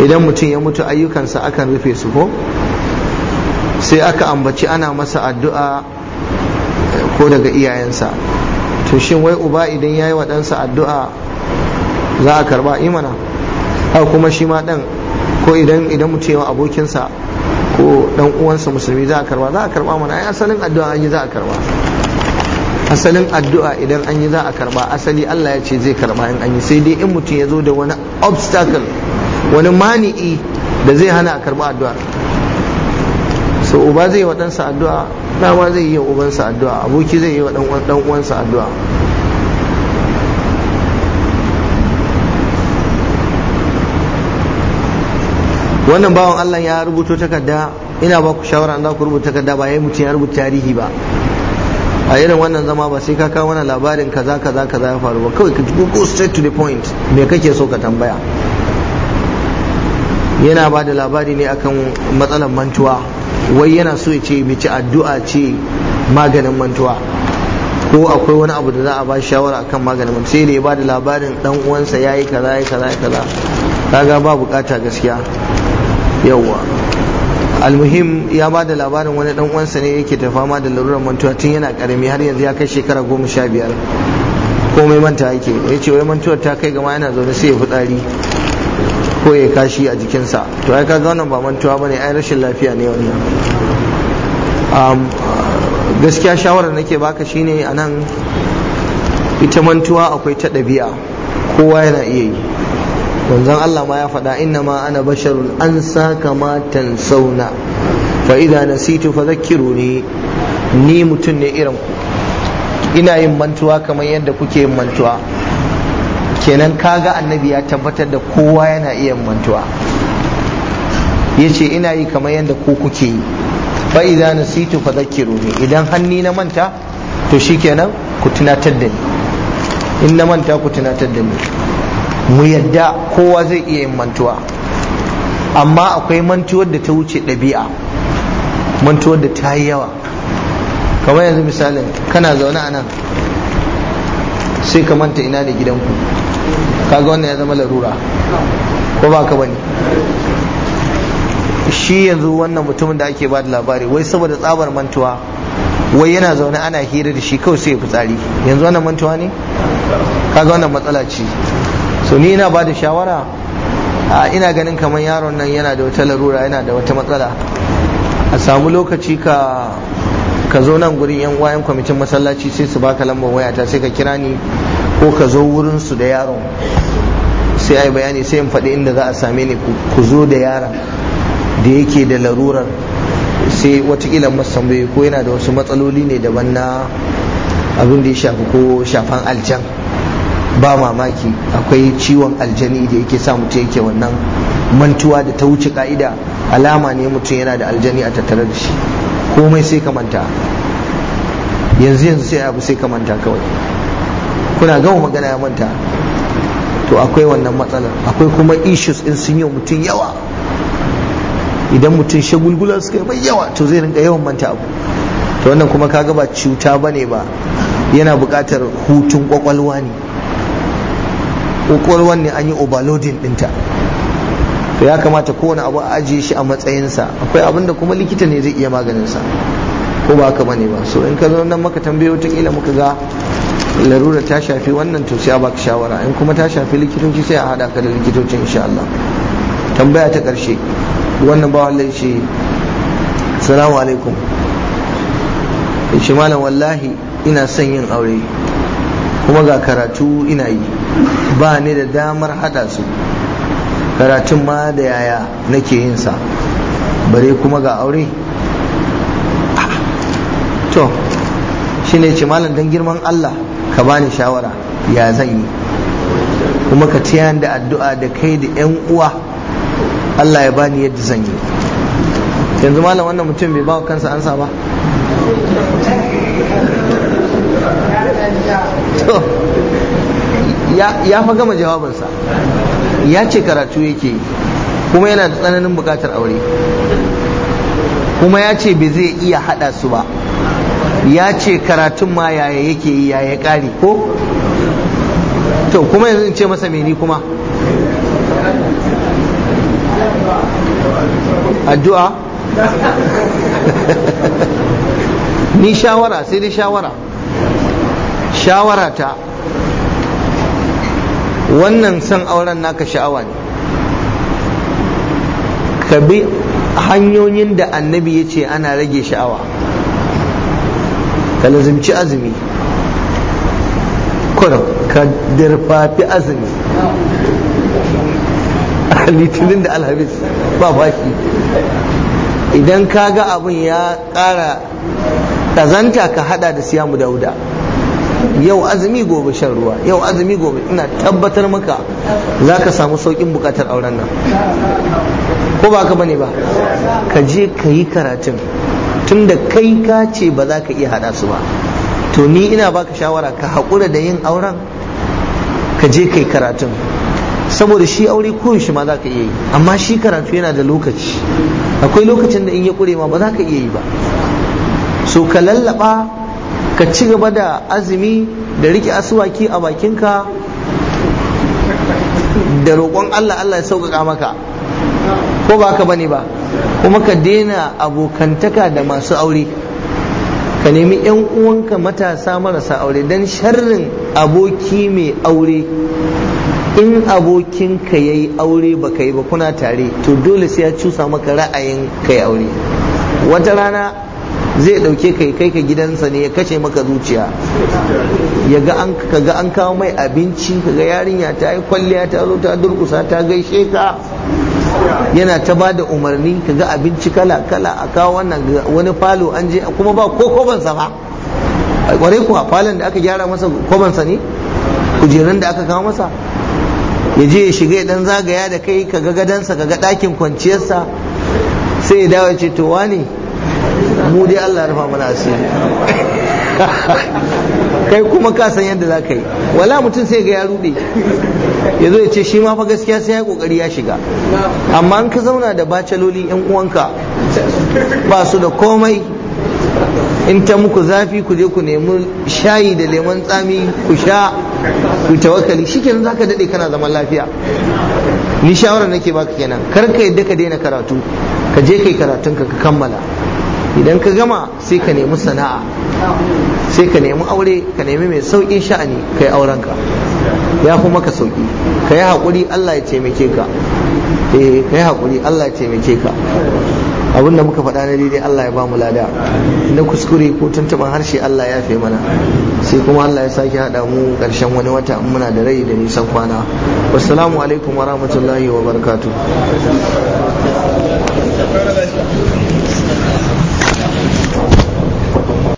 idan mutum ya mutu ayyukansa akan rufe su ko? sai aka ambaci ana masa addu'a eh, ko daga iyayensa to shin wai uba idan ya yi wa ɗansa addu'a za a karba imana eh a kuma shi ma ɗan ko idan idan mutum yawa abokinsa ko ɗan uwansa musulmi za a karba za a karba mana ai asalin addu'a an yi za a karba asalin addu'a idan an yi za a karba asali Allah ya ce zai karba in an yi sai dai in mutum ya zo da wani obstacle wani mani'i da zai hana a karba addu'a to uba zai wa ɗansa addu'a ɗa ma zai yi wa ubansa addu'a aboki zai yi wa ɗan uwansa addu'a wannan bawan Allah ya rubuto takarda ina ba ku shawara an za ku rubuta takarda ba ya mutum ya rubuta tarihi ba a irin wannan zama ba sai ka kawo wani labarin kaza kaza kaza ya faru ba kawai ka go straight to the point me kake so ka tambaya yana ba da labari ne akan matsalar mantuwa wai yana so ya ce mace addu'a ce maganin mantuwa ko akwai wani abu da za a ba shawara akan maganin mantuwa sai da ya bada labarin dan uwansa yayi kaza yayi kaza yayi kaza kaga ba bukata gaskiya yawwa almuhim ya ba da labarin wani dan uwansa ne yake ta fama da larurar mantuwa tun yana karami har yanzu ya kai shekara goma sha biyar komai manta yake ya ce wai mantuwar ta kai gama yana zaune sai ya fitsari ko ya kashi a jikinsa to ai kaga wannan ba mantuwa bane ai rashin lafiya ne wannan um, gaskiya shawarar nake baka shine a nan ita mantuwa akwai ta ɗabi'a kowa yana iya yi manzon Allah ma ya faɗa inna ma ana basharun an sa kamatan tansauna fa idza nasitu fadhakkiruni ni mutum ne irin ina yin mantuwa kamar yadda kuke yin mantuwa kenan kaga annabi ya tabbatar da kowa yana iya mantuwa ya ce ina yi kamar yadda ku kuke yi fa na nasitu fa ne, idan hanni na manta to shi kenan ku tunatar da ni in na manta ku tunatar da ni mu yadda kowa zai iya yin mantuwa amma akwai mantuwar da ta wuce ɗabi'a mantuwar da ta yi yawa kamar yanzu misalin kana zaune a nan sai ka manta ina da gidanku kaga wannan ya zama larura ko ba ka bane shi yanzu wannan mutumin da ake ba da labari wai saboda tsabar mantuwa wai yana zaune ana hira da shi kawai sai ya fitsari yanzu wannan mantuwa ne kaga wannan matsala ce so ni ina ba da shawara a ina ganin kamar yaron nan yana da wata larura yana da wata matsala a samu lokaci ka ka zo nan gurin yan wayan kwamitin masallaci sai su baka lambar wayata sai ka kira ni ko ka zo wurin su da yaron sai ai bayani sai in faɗi inda za a same ni ku zo da yaron da yake da larurar sai watakila masu tambaye ko yana da wasu matsaloli ne daban na abin da ya shafi ko shafan aljan ba mamaki akwai ciwon aljani da yake sa mutum yake wannan mantuwa da ta wuce ka'ida alama ne mutum yana da aljani a tattare da shi komai sai ka manta yanzu yanzu sai abu sai ka manta kawai kuna gama magana ya manta to akwai wannan matsalar akwai kuma issues in sun yi mutum yawa idan mutum shagulgular suka yi mai yawa to zai rinka yawan manta abu to wannan kuma kaga ba cuta ba ne ba yana buƙatar hutun kwakwalwa ne kwakwalwa ne an yi overloading ɗinta to ya kamata kowane abu a ajiye shi a matsayinsa akwai abin da kuma likita ne zai iya maganin sa ko ba haka bane ba so in ka zo nan maka tambaye kila muka ga larura ta shafi wannan to sai a baka shawara in kuma ta shafi likitoci sai a hada ka da likitocin insha Allah tambaya ta karshe wannan ba wallahi shi assalamu alaikum shi malam wallahi ina son yin aure kuma ga karatu ina yi ba ni da damar hada su karatun ma da yaya nake yin sa bare kuma ga aure to shi ne ce malam don girman Allah ka bani shawara ya zan yi kuma ka tiya da addu'a da kai da 'yan uwa Allah ya bani yadda zan yi yanzu malam wannan mutum bai bawa kansa ansa ba ya fa gama jawabinsa ya ce karatu yake kuma yana da tsananin bukatar aure kuma ya ce bai zai iya hada su ba ya ce karatun ma yaya yake yi yaya kare ko to kuma yanzu in ce masa meni kuma addu'a ni shawara sai dai shawara shawara ta wannan son auren naka sha'awa ne ka bi hanyoyin da annabi ya ce ana rage sha'awa ka lazimci azumi kuram ka dirfafi azumi litinin da alhamis ba bashi idan ka ga abin ya ƙara ƙazanta ka hada da siyamu dauda yau azumi gobe shan ruwa yau azumi gobe ina tabbatar maka za ka samu saukin bukatar auren nan ko ba ka bane ba ka je ka yi karatun tun da kai ka ce ba za ka iya haɗa su ba to ni ina baka shawara ka haƙura da yin auren ka je ka yi karatun saboda shi aure koyaushe ma za ka iya yi amma shi karatu yana da lokaci akwai lokacin da in ya ƙure ma ba za ka iya yi ba so ka lallaɓa. ka ci gaba da azumi da riƙe asuwaki a bakinka da roƙon Allah Allah ya sauƙaƙa maka ko ba ka bane ba kuma ka daina abokantaka da masu aure ka nemi 'yan uwanka matasa marasa aure don sharrin aboki mai aure in abokinka ya yi aure ba ka yi ba kuna tare to dole sai ya cusa maka ra'ayin ka yi aure wata rana zai dauke kai kai ka gidansa ne ya kace maka zuciya ya ga an ka ga an kawo mai abinci ka ga yarinya ta yi kwalliya ta zo ta durkusa ta gaishe ka yana ta ba da umarni ka ga abinci kala kala a kawo wannan wani falo an je kuma ba ko kobansa ba kware kuwa falon da aka gyara masa kobansa ne kujerun da aka kawo masa ya je ya shiga dan zagaya da kai ka ga gadansa ka ga dakin kwanciyarsa sai ya dawo ce to wani mu dai Allah rufa mana asiri kai kuma ka san yadda za ka yi wala mutum sai ga ya rude ya zo ya ce shi ma fa gaskiya sai ya kokari ya shiga amma in ka zauna da bacaloli yan uwanka ba su da komai in ta muku zafi ku je ku nemi shayi da lemon tsami ku sha ku tawakkali shikenan zaka dade kana zaman lafiya ni shawara nake baka kenan kar ka yadda ka daina karatu ka je kai karatunka ka kammala idan ka gama sai ka nemi sana'a sai ka nemi aure ka nemi mai sauƙin sha'ani ka yi aurenka ya fi maka sauƙi ka yi haƙuri Allah ya taimake ka eh ka yi haƙuri Allah ya taimake ka abin da muka faɗa na daidai Allah ya bamu lada na kuskure ko tuntuban harshe Allah ya fi mana sai kuma Allah ya sake haɗa mu ƙarshen wani wata in muna da rai da nisan kwana wassalamu alaikum wa rahmatullahi wa barkatu.